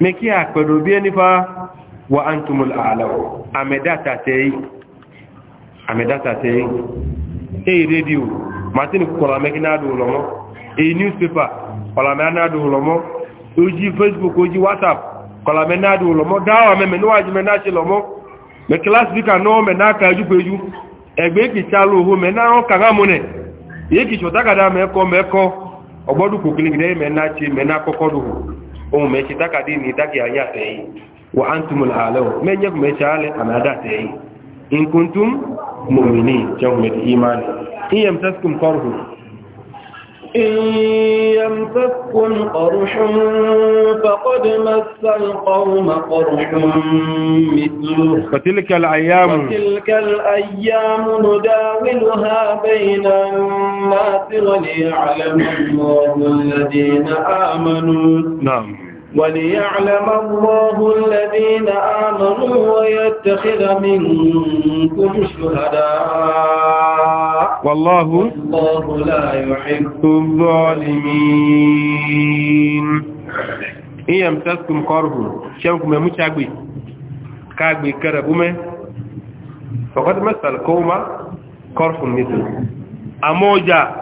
meki a kpedo bie nifa wa antumul alawo amedata teyi amedata teyi eyi redio matini lɔmɔ eyi newspaper kɔlɔmɛ n'adu lɔmɔ oji facebook oji whatsapp kɔlɔmɛ n'adu lɔmɔ dawa mɛmɛ n'o adi mɛ n'asi lɔmɔ mɛ kilasi bi ka nɔɔ ka mɛ kɔ mɛ kɔ mɛ ohun mẹ́ṣe tákàdé ní tákì ayé àtẹ̀yí wà á ń túnmọ̀ àlọ́ mẹ́jẹ́kù mẹ́ṣe alẹ́ àmì àtẹ̀yí nkuntum mọ̀mìnì jẹun mẹ́tì imani iyẹm tẹ́sùkùn kọrùhù iyẹm tẹ́sùkùn kọrùhùn fàkọ́dẹ̀ mẹ́sàn kọrùn kọrùhùn mìtìlú fatilkal الذين آمنوا. نعم. وليعلم الله الذين آمنوا ويتخذ منكم شهداء والله, والله لا يحب الظالمين إيه أمساسكم قرب شامكم يموت عقبي كعقبي كربومة فقد مثل قوما قرف مثل أموجا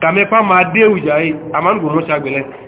كما فما ديوجا أمان قوموش عقبي لك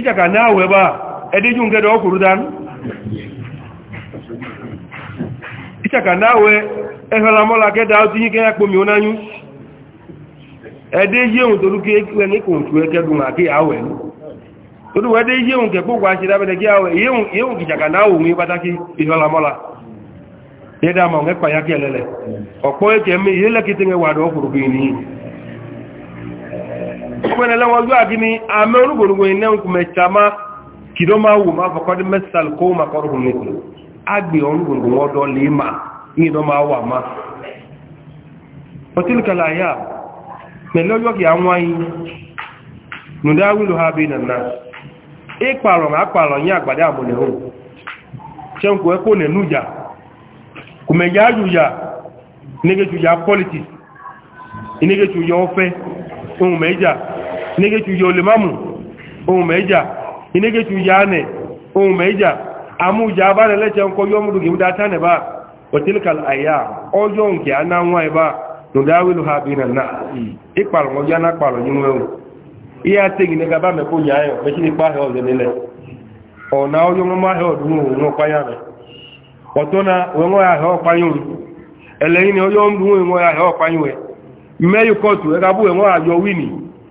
ichaka na awe ebe a ediju nke dị ọkwụrụ danụ ichaka na awe ehela mọla keda otinye ike ya kpomi onanyu ẹdẹ yíò tó lúkẹ́ ẹgbẹ́ ní kò tó ẹkẹ́dùn àti ihe ní tó lúwẹ́ ẹdẹ nwe kẹ kó wá ṣe dábẹ́dẹ̀ kí àwẹ̀ yíò kìjàkà náà òun ní pátákì ìhọ́lamọ́la yẹ́dàmọ̀ ẹ̀pàyákẹ́ lẹ́lẹ̀ ìpínlẹ̀ lọ́wọ́ ọjọ́ àti ní àmẹ́ olúgbòrúgbò iná ń kùnmẹ̀ chama kìdó máa wù máa fọ́kọ́dé mẹ́sàl kó máa kọ́rùn nìkan agbè olúgbòrúgbò wọ́n dọ́ lè ma ní ìdọ́ máa wà má ọtílùkàlà àyà pẹ̀lú ọjọ́ kì àwọn ayin nùdá wílò ha bí nàná ìpààrọ̀ àpààrọ̀ yín àgbàdá inegechuji olimamu ohun meja ane omumeja amuji abana lecha nko yomudu gimuda atane ba watilka alaya ojo nke ana nwa ba nudawilu ha bi na na kpalu nyinwewu ihe ategi ne gaba mepo nyayo mechi ni kpahe ozo nile ona ojo mama he odunu nwo otona ya he okwanyu eleyini ojo mdu wenwo e ya he okwanyu e. meyu e ajo wini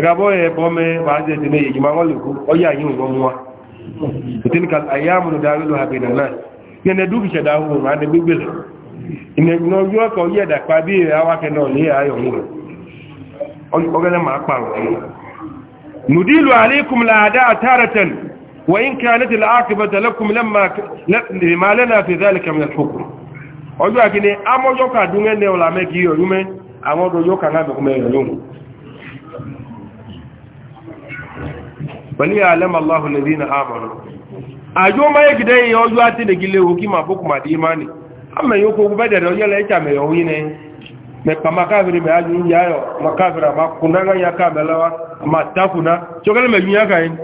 gabọ́ ẹ̀ bọ́ mẹ́ wà jẹ́ ti ní ìgbìmọ̀ àwọn olùkú ọyá yìí ń gbọmọ́ wa òtín ka àyàmù ní dárí ló hàbìnà náà yẹn ní dúkìá dáhùn òun àti gbígbé rẹ̀ ìnà ojú ọjọ́ àkíní amọ́jọ́kà dúnmẹ́ ní ọ̀làmẹ́kì yọ̀yúmẹ́ àwọn ọdọ̀ yóò kà náà mẹ́kùnmẹ́ yọ̀yún pẹ̀lú àlẹ́mà aláhùn lèrí na àmàrà àjò máa gidẹ́ yẹ ọjọ́ àti ìdẹ̀gílé òkí ma fókù màdí imani àmẹ́yìn okó ogun bẹ́ẹ̀dẹ̀ ọjọ́lẹ̀ ẹ̀kà mẹ́yàn òyìn ẹ̀ mẹ́pa makáfìrí mẹ́ájú ń yáyọ̀ makáfìrí àmà kùnà ya ká mẹ́lẹ́wà àmà takùnà ṣọ́kẹ́lẹ̀ mẹ́jú yá káyín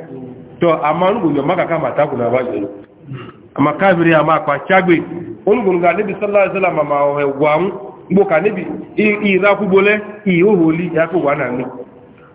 tọ́ àmà olùgbòyàn má kàkà mà wà náà ní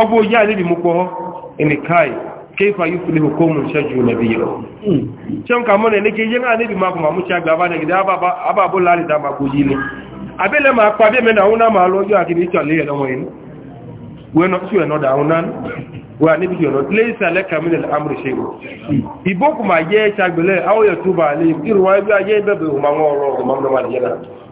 ọgbọ́ ojú àdébì mú pọ́ ẹnìkáì kéfà na fi lè hùkó mú ṣẹ́jú nàbí yọ ṣẹ́n kà mọ́nà ní kéyẹ́ náà níbi máa kùn máa ba ṣe àgbà abájẹ́ gidi abábó láàrín dáa máa kojú ma abẹ́lẹ̀ a pa bẹ́ẹ̀ mẹ́ta àwọn náà máa lọ́jọ́ àkìdí ìtàlẹ́ yẹn una yẹn wọ́n sí ọ̀nà ọ̀dà àwọn náà wà níbi yọ̀nà lẹ́yìn alẹ́ kàmínà àmúrì ṣe wọ́n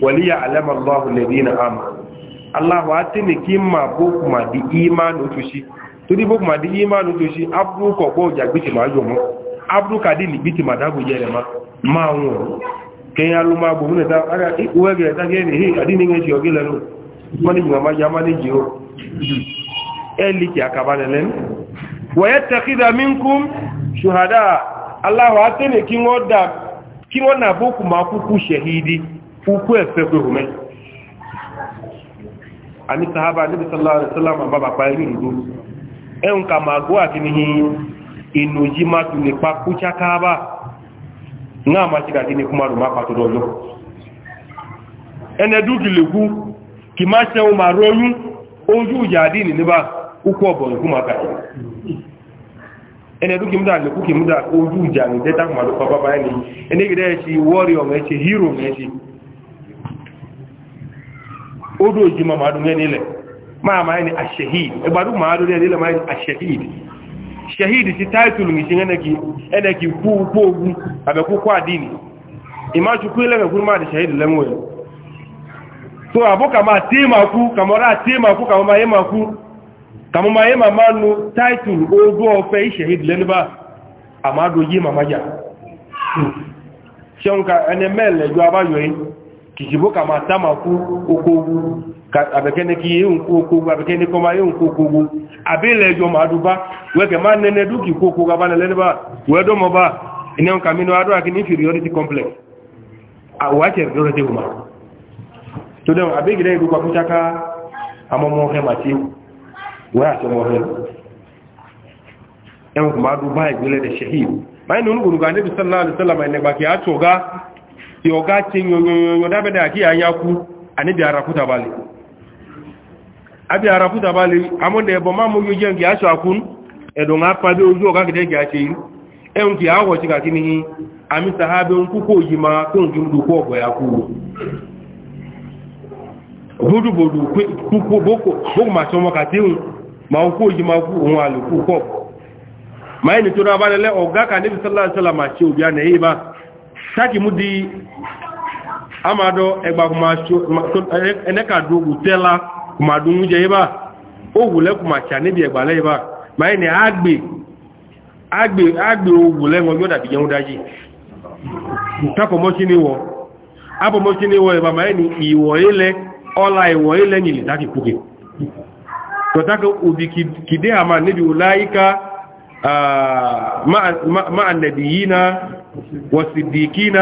waliya alama allahu na-ama allahu atini kima boku ma di imanu tushi tudi boku ma di imanu tushi abdu ko bo ja gbiti ma yo mo abdu kadi ni gbiti ma dago yere ma ma won ke ya lu ma ta aga i wege ta ge ni hi adini nge jo gele no mani mi ji ja mani ji o eli ki akabane len wa yattakhidha minkum shuhada allahu atini kin oda kin na boku ma kuku shahidi kúkú ẹ̀fẹ́ pé hùmẹ́ àní sahaba níbi sallallahu alaihi wasallam àbábà pa ẹ̀rí ìlú ẹ̀hùn kà máa gbọ́ àti ní inú jí má tún lè pa kú chákáábà ní àmà ṣe kàkí ní kúmàrù má pàtó lọ́jọ́ ẹnẹ dúkì lè kú kì má ojú àdínì níbà kúkú ọ̀bọ̀ kàkí múdà lè kú kì múdà ojú ìjà àdínì dẹ́tà ẹni odo juma ma dunga nile ma ma ni ashahid e ba du ma do nile ma ni ashahid shahid ti title ngi jinga na e ki ku ku ogun abe ku kwa dini ima ju ku ile ku ma di shahid le mo so abo ma tema ku kamora tima ku kama ma yema ku kama ma yema manu title odo ofe shahid le ni ba amado yema maja ṣeun ka ẹni mẹ́lẹ̀ ju abáyọ̀ kìkìbó ka máa tá máa kú okogwu abẹ́kẹ́ni kí yíò ń kú okogwu abẹ́kẹ́ni kọ́ máa yíò ń kú okogwu abẹ́lẹ̀ ẹjọ́ máa dùn bá wẹ́kẹ̀ máa nẹ́nẹ́ dúkì kú okogwu abánilẹ́nibá wẹ́dọ́mọ́ bá iná ń kàmínú adúrà kí ní inferiority complex àwọ̀wáṣẹ̀ lọ́rọ̀ tẹ́wọ̀ máa tó dẹ̀ abẹ́gìdẹ́ ìlú pàkúṣáká amọ́mọ́ọ́fẹ́ màtí wẹ́ àtọmọ́ọ́fẹ́ ti ọ̀gá ṣe yọ̀nyọ̀nyọ̀ dábẹ́dẹ́ àkí àyákú àníbi àràkútàbálẹ̀ àbí àràkútàbálẹ̀ àmọ́dẹ̀ ẹ̀bọ̀ máa mú yóò jẹ́ kí aṣọ àkún ẹ̀dùn apàdé ojú ọ̀gá kìdẹ́ kì á ṣe yìí ẹ̀hùn kì áwọ̀ ṣe kàkí nìyí àmì sàhábẹ́ ń kúkò yìí máa tóhùn kí ń dùkú ọ̀gbọ̀ yakú bódùbòdù kúkú bókù máa ṣọmọ kàtíhùn máa kó yìí máa na taki mudi amado egba kuma eneka du gutela kuma du nje iba owule kuma cha ni bi egba le iba ma ni agbe agbe agbe owule won yoda bi jẹun daji tako mo chini wo abo mo chini wo iba ma ni iwo ile ola iwo ile ni taki puke to tako ubi kide ama ni bi ulaika مع النبيين والصديقين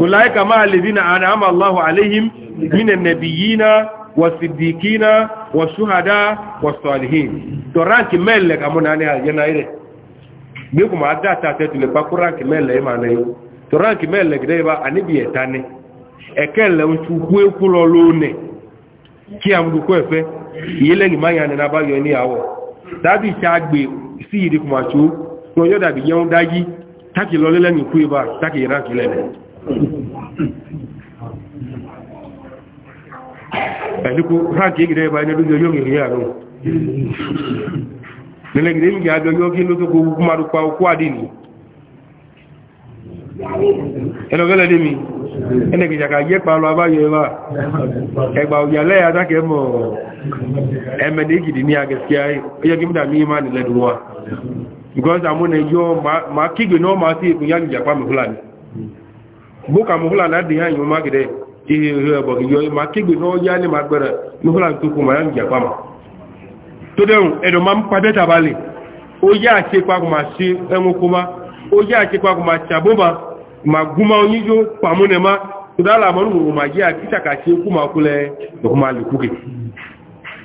أولئك مع الذين أنعم الله عليهم من النبيين والصديقين والشهداء والصالحين ترانك ملك أمونا أنا ينايري بيكم أدى تاتيت لباكو رانك ملك ما نايو ترانك ملك دايبا أني بيتاني ekele nchukwu ekwulọlụ one kí àmúdùkú ẹ̀fẹ́ ìyẹ́lẹ́yìn máa yàn ní abáyọ ní àwọ̀ tàbí ìṣàgbè sí ìdíkùmàṣó tó yọ́ dàbí yẹun dáyí tákì lọ lẹ́lẹ́ni kú ibà tákì ìránkì lẹ́lẹ́ ẹ̀lúkú ránkì ìgbẹ̀rẹ̀ ìbá ẹni yóò rìn àrùn lẹ́lẹ́gbẹ̀rẹ̀ ẹgbà òyàlẹ́ mọ̀ eme da igidi ni a gaskiya ya gimda mi imani laduwa ne yo ma kigbe na ma ti ikun ya gija pa mi fulani buka mi fulani adi ya yiwu ebo yo ma kigbe na ya ni ma gbere mi fulani tukwu ma ya gija ma to edo ma o ya pa ma ma ma guma ma tudala ma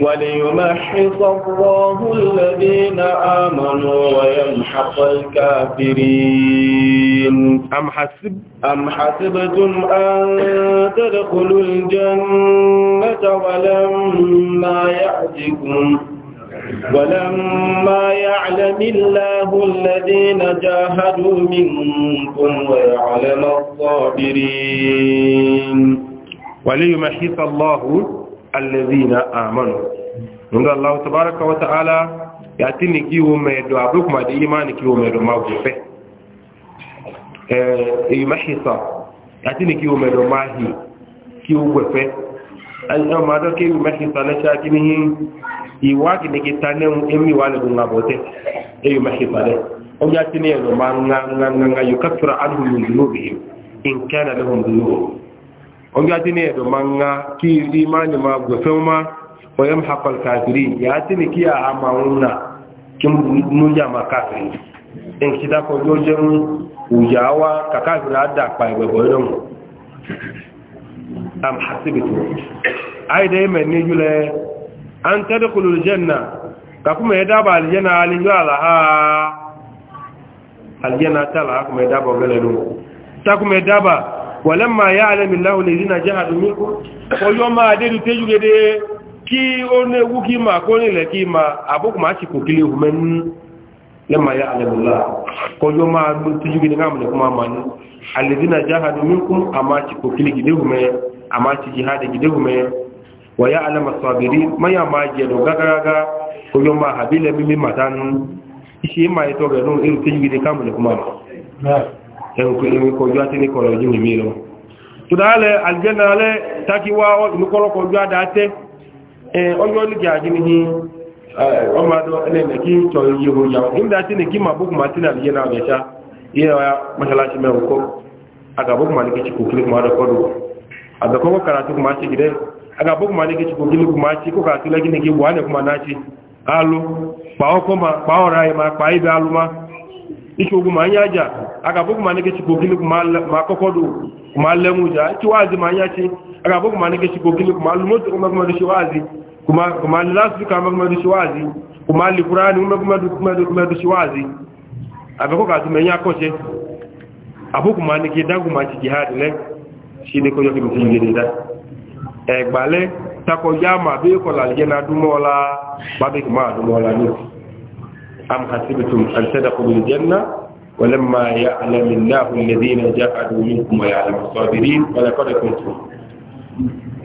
وليمحص الله الذين آمنوا ويمحق الكافرين أم حسب أم حسبتم أن تدخلوا الجنة ولما يأتكم ولما يعلم الله الذين جاهدوا منكم ويعلم الصابرين وليمحص الله alladhina amanu nga allah tabaraka wa ta'ala ya tini kiwo me do abu kuma da imani kiwo me do ma ko fe eh yumahisa ya tini kiwo me do ma hi kiwo ko fe an yo ma do ke yumahisa na sha kini iwa kini ke tanen emi wa le dunga bote e yumahisa de o ya tini e do ma nga nga nga yukaffiru anhum min dhunubihim in kana lahum dhunub ongi atini edo manga ki imani ma gofeuma o yamhaq al kafirin ya ati atini ki ya amauna kim nuja makafiri en kita ko jojen ujawa kakafira adda pa ebe boyon am hasibitu ai dai men ne jule an tadkhulu al janna ka kuma ya daba al janna ali yala ha al janna tala kuma ya daba galenu ta kuma ya daba wọ̀lẹ́mà yá alẹ́mìláhùn lè rínà jẹ́ àdúmíkú ọjọ́ máa dédú tẹ́jú gẹ́dẹ́ kí ó ní ewu kí máa kó nílẹ̀ kí máa àbúkù máa ti kò kí lè hùmẹ́ ní lẹ́mà yá alẹ́mìláhùn ọjọ́ máa tẹ́jú gẹ́dẹ́ náà mọ̀lẹ́kún máa mọ̀ ní alẹ́dínà jẹ́ àdúmíkú àmá ti kò kí lè gẹ́dẹ́ hùmẹ́ àmá ti jihad gẹ́dẹ́ hùmẹ́ wọ̀yá ẹ̀kọ́jú àti ní kọ̀rọ̀ yìí nìmí lọ. tó dáálẹ̀ aljanna takiwa nukọ́rọ̀kọ̀jú àdáátẹ́ ọjọ́ ní kí àjíní ní ọmọdọ́ ẹlẹ́mẹ̀kí tọ̀ iye òyà nígbà tí ní kí ma bókù ma tínà lè náà gẹ̀ṣá iye ọya mọ́ṣálásí mẹ́wọ̀kọ́ agabókù ma ní kí kò kílé kuma dọ́kọ́dọ̀ àgbẹ̀kọ́kọ́ karatu kuma ṣe gidẹ́ agabókù ma ní kí kò kílé kuma ṣe kó kà sílẹ̀ kí ní kuma náà alu pàọ́kọ́ ma pàọ́ra ẹ̀ ma pàọ́ ibẹ̀ alu ma ike ogun ma anya aja agabu kuma nake chiko gini kuma ma kokodo kuma lemu ja ki wazi ma anya chi agabu kuma nake chiko gini kuma lumoto kuma kuma dishi wazi kuma kuma lasu kama kuma dishi wazi kuma alqur'ani kuma kuma kuma kuma dishi wazi abeko ka ma chi jihad le shi ne ko yoki mtingi ni jena dumola babe dumola ni أم حسبتم أن تدخلوا الجنة ولما يعلم الله الذين جاهدوا منكم ويعلم الصابرين ولقد كنتم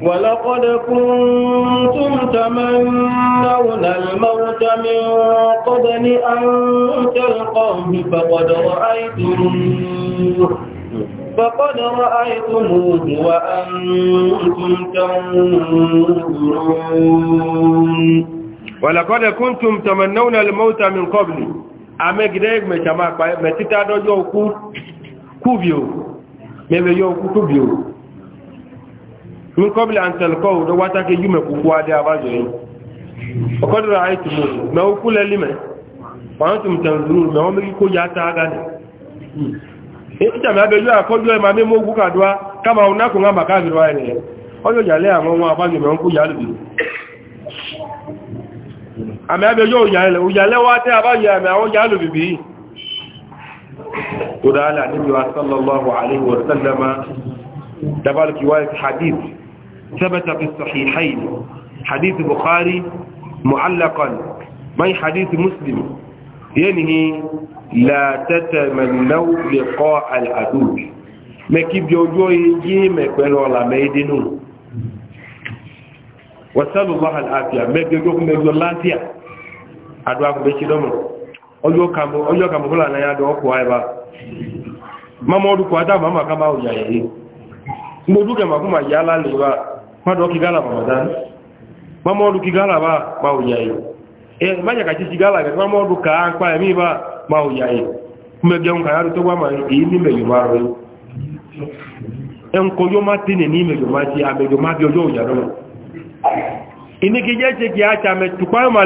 ولقد كنتم تمنون الموت من قبل أن تلقوه فقد رأيتموه فقد رأيتموه وأنتم تنظرون wàlàkọ́dẹ̀ kúntùm tọmọ̀náwùnà lèmọ́ta mi kọ́bìlì amẹ́gidẹ́ mẹ̀títà dọ́jọ́ okú kúbìó mẹ́bẹ̀ yọ okú kúbìó mi kọ́bìlì àǹtẹ̀lẹ́kọ́ òdó wátákì yúmẹ̀ kúkú adé abájọ́ yìí ọkọ́dọ̀rọ̀ àìtùmù mẹ́ okú lẹ́límẹ̀ wọ́n tún tẹ̀lú mẹ́ wọ́n mẹ́kí kó yá tága nì ìtàmì abẹ́jú àkọ́jú ẹ̀mà mímọ́ ogun kàdúwá káàmà onákùnrin àmàkà àbìrọ̀ ẹ̀rẹ̀ ọjọ́ ìyàlẹ́ àwọn àmì abẹ́ yóò yàlẹ̀ òyàlẹ́ wá tẹ́ àbáyẹ àmì àwọn yàlù bìbí tó dáálà níbi wa sallallahu alaihi wa sallama dabalki wa hadith ثبت في الصحيحين حديث بخاري معلقا من حديث مسلم ينهي لا تتمنوا لقاء العدو mẹ́kíbi ojú yìí mẹ́pẹ̀lú ọ̀la mẹ́ẹ́dínú wàsálùmọ́ àlàáfíà mẹ́gbẹ́gbẹ́ mẹ́gbẹ́ láfíà adu akube chidomo oyo kambo oyo kambo bula na yado ko aiba mama odu kwa da mama kama o yaye ngo duke makuma yala lewa mado kigala ramadan mama odu kigala ba ma o yaye e manya ka kigala ga mama odu ka anpa mi ba ma o yaye ma yi e, e, ni me yumaro en ko ni me yo mati a me yaro iniki je je ki acha me tukwa ma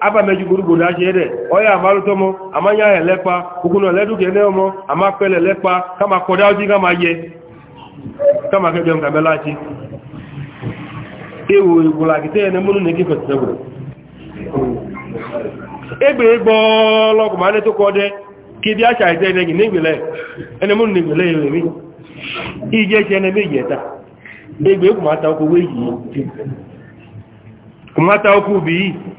aba meju gburugburu aje ede oya amaruto mo amanya elepa ukunu leduke ne mo ama pele lepa kama koda oji kama ye kama kede on kamela chi ewo igula kite ne munu ne kifo tsebu egbe egbo lo ko mane to kode ki bi acha ide ne ni gbele ene munu ne gbele ewe mi ije je ne meje ta egbe ko mata ko weyi ko mata ko bi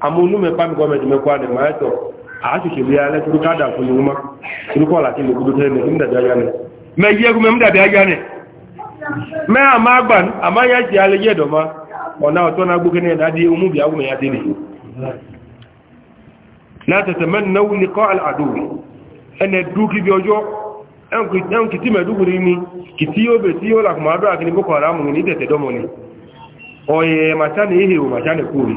amunu me pam gome de me kwa de maito a su ke biya le turu kada ku yuma turu ko la ti ku de ne inda da yane me ye ku me mda da yane me ama gban ama ya na gbu kene da di umu ni la tatamannu liqa al adu ene duki bi ojo en ku me duguri ni ki ti obe ti akini boko haram ni de te do mo ni oye machane kuri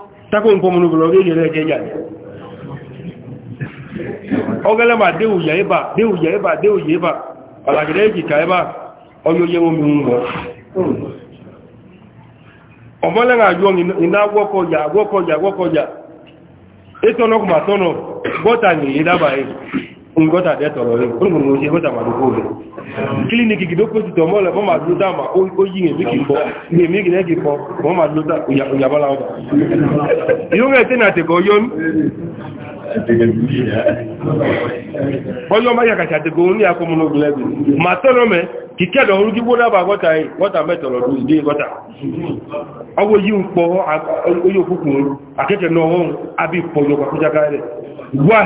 tako nkomono bolo ge yele ge ya ogele ma de uya eba de uya eba de uya eba ala gere ji ka eba oyo ye mo mi ngo omole nga jo ni na gwo ko ya gwo ko ya ko ya eto no bota ni e ngota de tolo le ko mo je ngota ma ko le clinic do ko ti ma ma o yi ni mi ki mo ma ya ya bala o yo ngi te na te ko yon o yo ma ya ka te ko ni no gle bi ma me ki ke do ru ki bo da ba gota yi gota me tolo du di gota awo yi o yo kukun akeke no won abi po yo ja ka re wa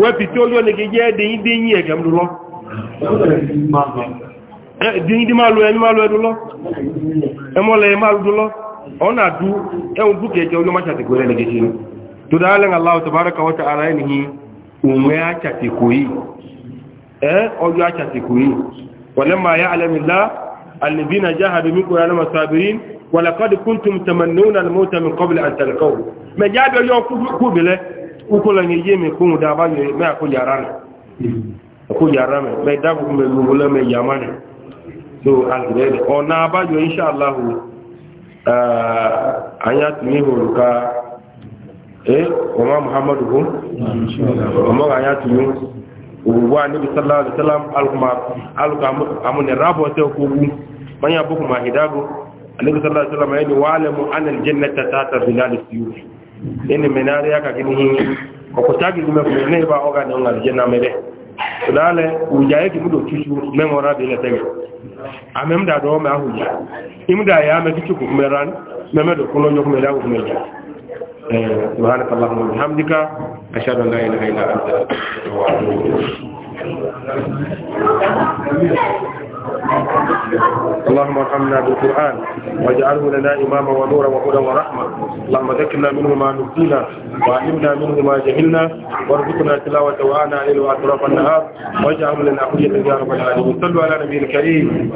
wẹ́pì tí ó yọ́ ní gẹ́gẹ́ dẹ̀yìn dẹ̀yìn ẹ̀gẹ̀m lọ dẹ̀yìn dí máa lọ ẹni máa lọ ẹdún lọ ẹmọ́lẹ̀ máa lọ lọ ọ̀nà àdú ẹun dúkẹ̀ẹ́jẹ́ oyọ́ máa ṣàtẹ̀kọ́ rẹ̀ lẹ́gẹ̀ẹ́ tó dáálẹ̀ aláwọ̀ tàbárakà wọ́ta ara ẹni yìí òun ẹ́ àṣàtẹ̀kọ́ yìí ẹ́ ọjọ́ àṣàtẹ̀kọ́ yìí wọ̀lẹ́mà yá alẹ́mìlá الذين جاهدوا منكم يا لما صابرين ولقد كنتم تمنون الموت من ukola nge yeme kungu da ba ye me ko yarana ko yarame me da ko me ngula me yamane so algrede ona ba yo insha Allah uh eh, anya tini horuka eh oma muhammadu ko oma anya tini wa nabi sallallahu alaihi wasallam alkuma alka amune rabo te ko gu manya bokuma hidago nabi sallallahu alaihi wasallam yani wa'lamu anna aljannata tata bilal siyufi ene menare ya kakini hii kwa kutaki kumefumene ba oga ni ungali jena mele tulale ujaye kimudo chuchu memora bile tenge amemda doome ahuja imda ya ame kichu kukumeran memedo kulonyo kumela kukumeja سبحانك اللهم وبحمدك أشهد أن لا إله إلا أنت اللهم ارحمنا بالقرآن واجعله لنا إماما ونورا وهدى ورحمة اللهم ذكرنا منه ما نسينا وعلمنا منه ما جهلنا وارزقنا تلاوة وانا عليه أطراف النهار واجعله لنا حجة يا رب العالمين صلوا على نبي الكريم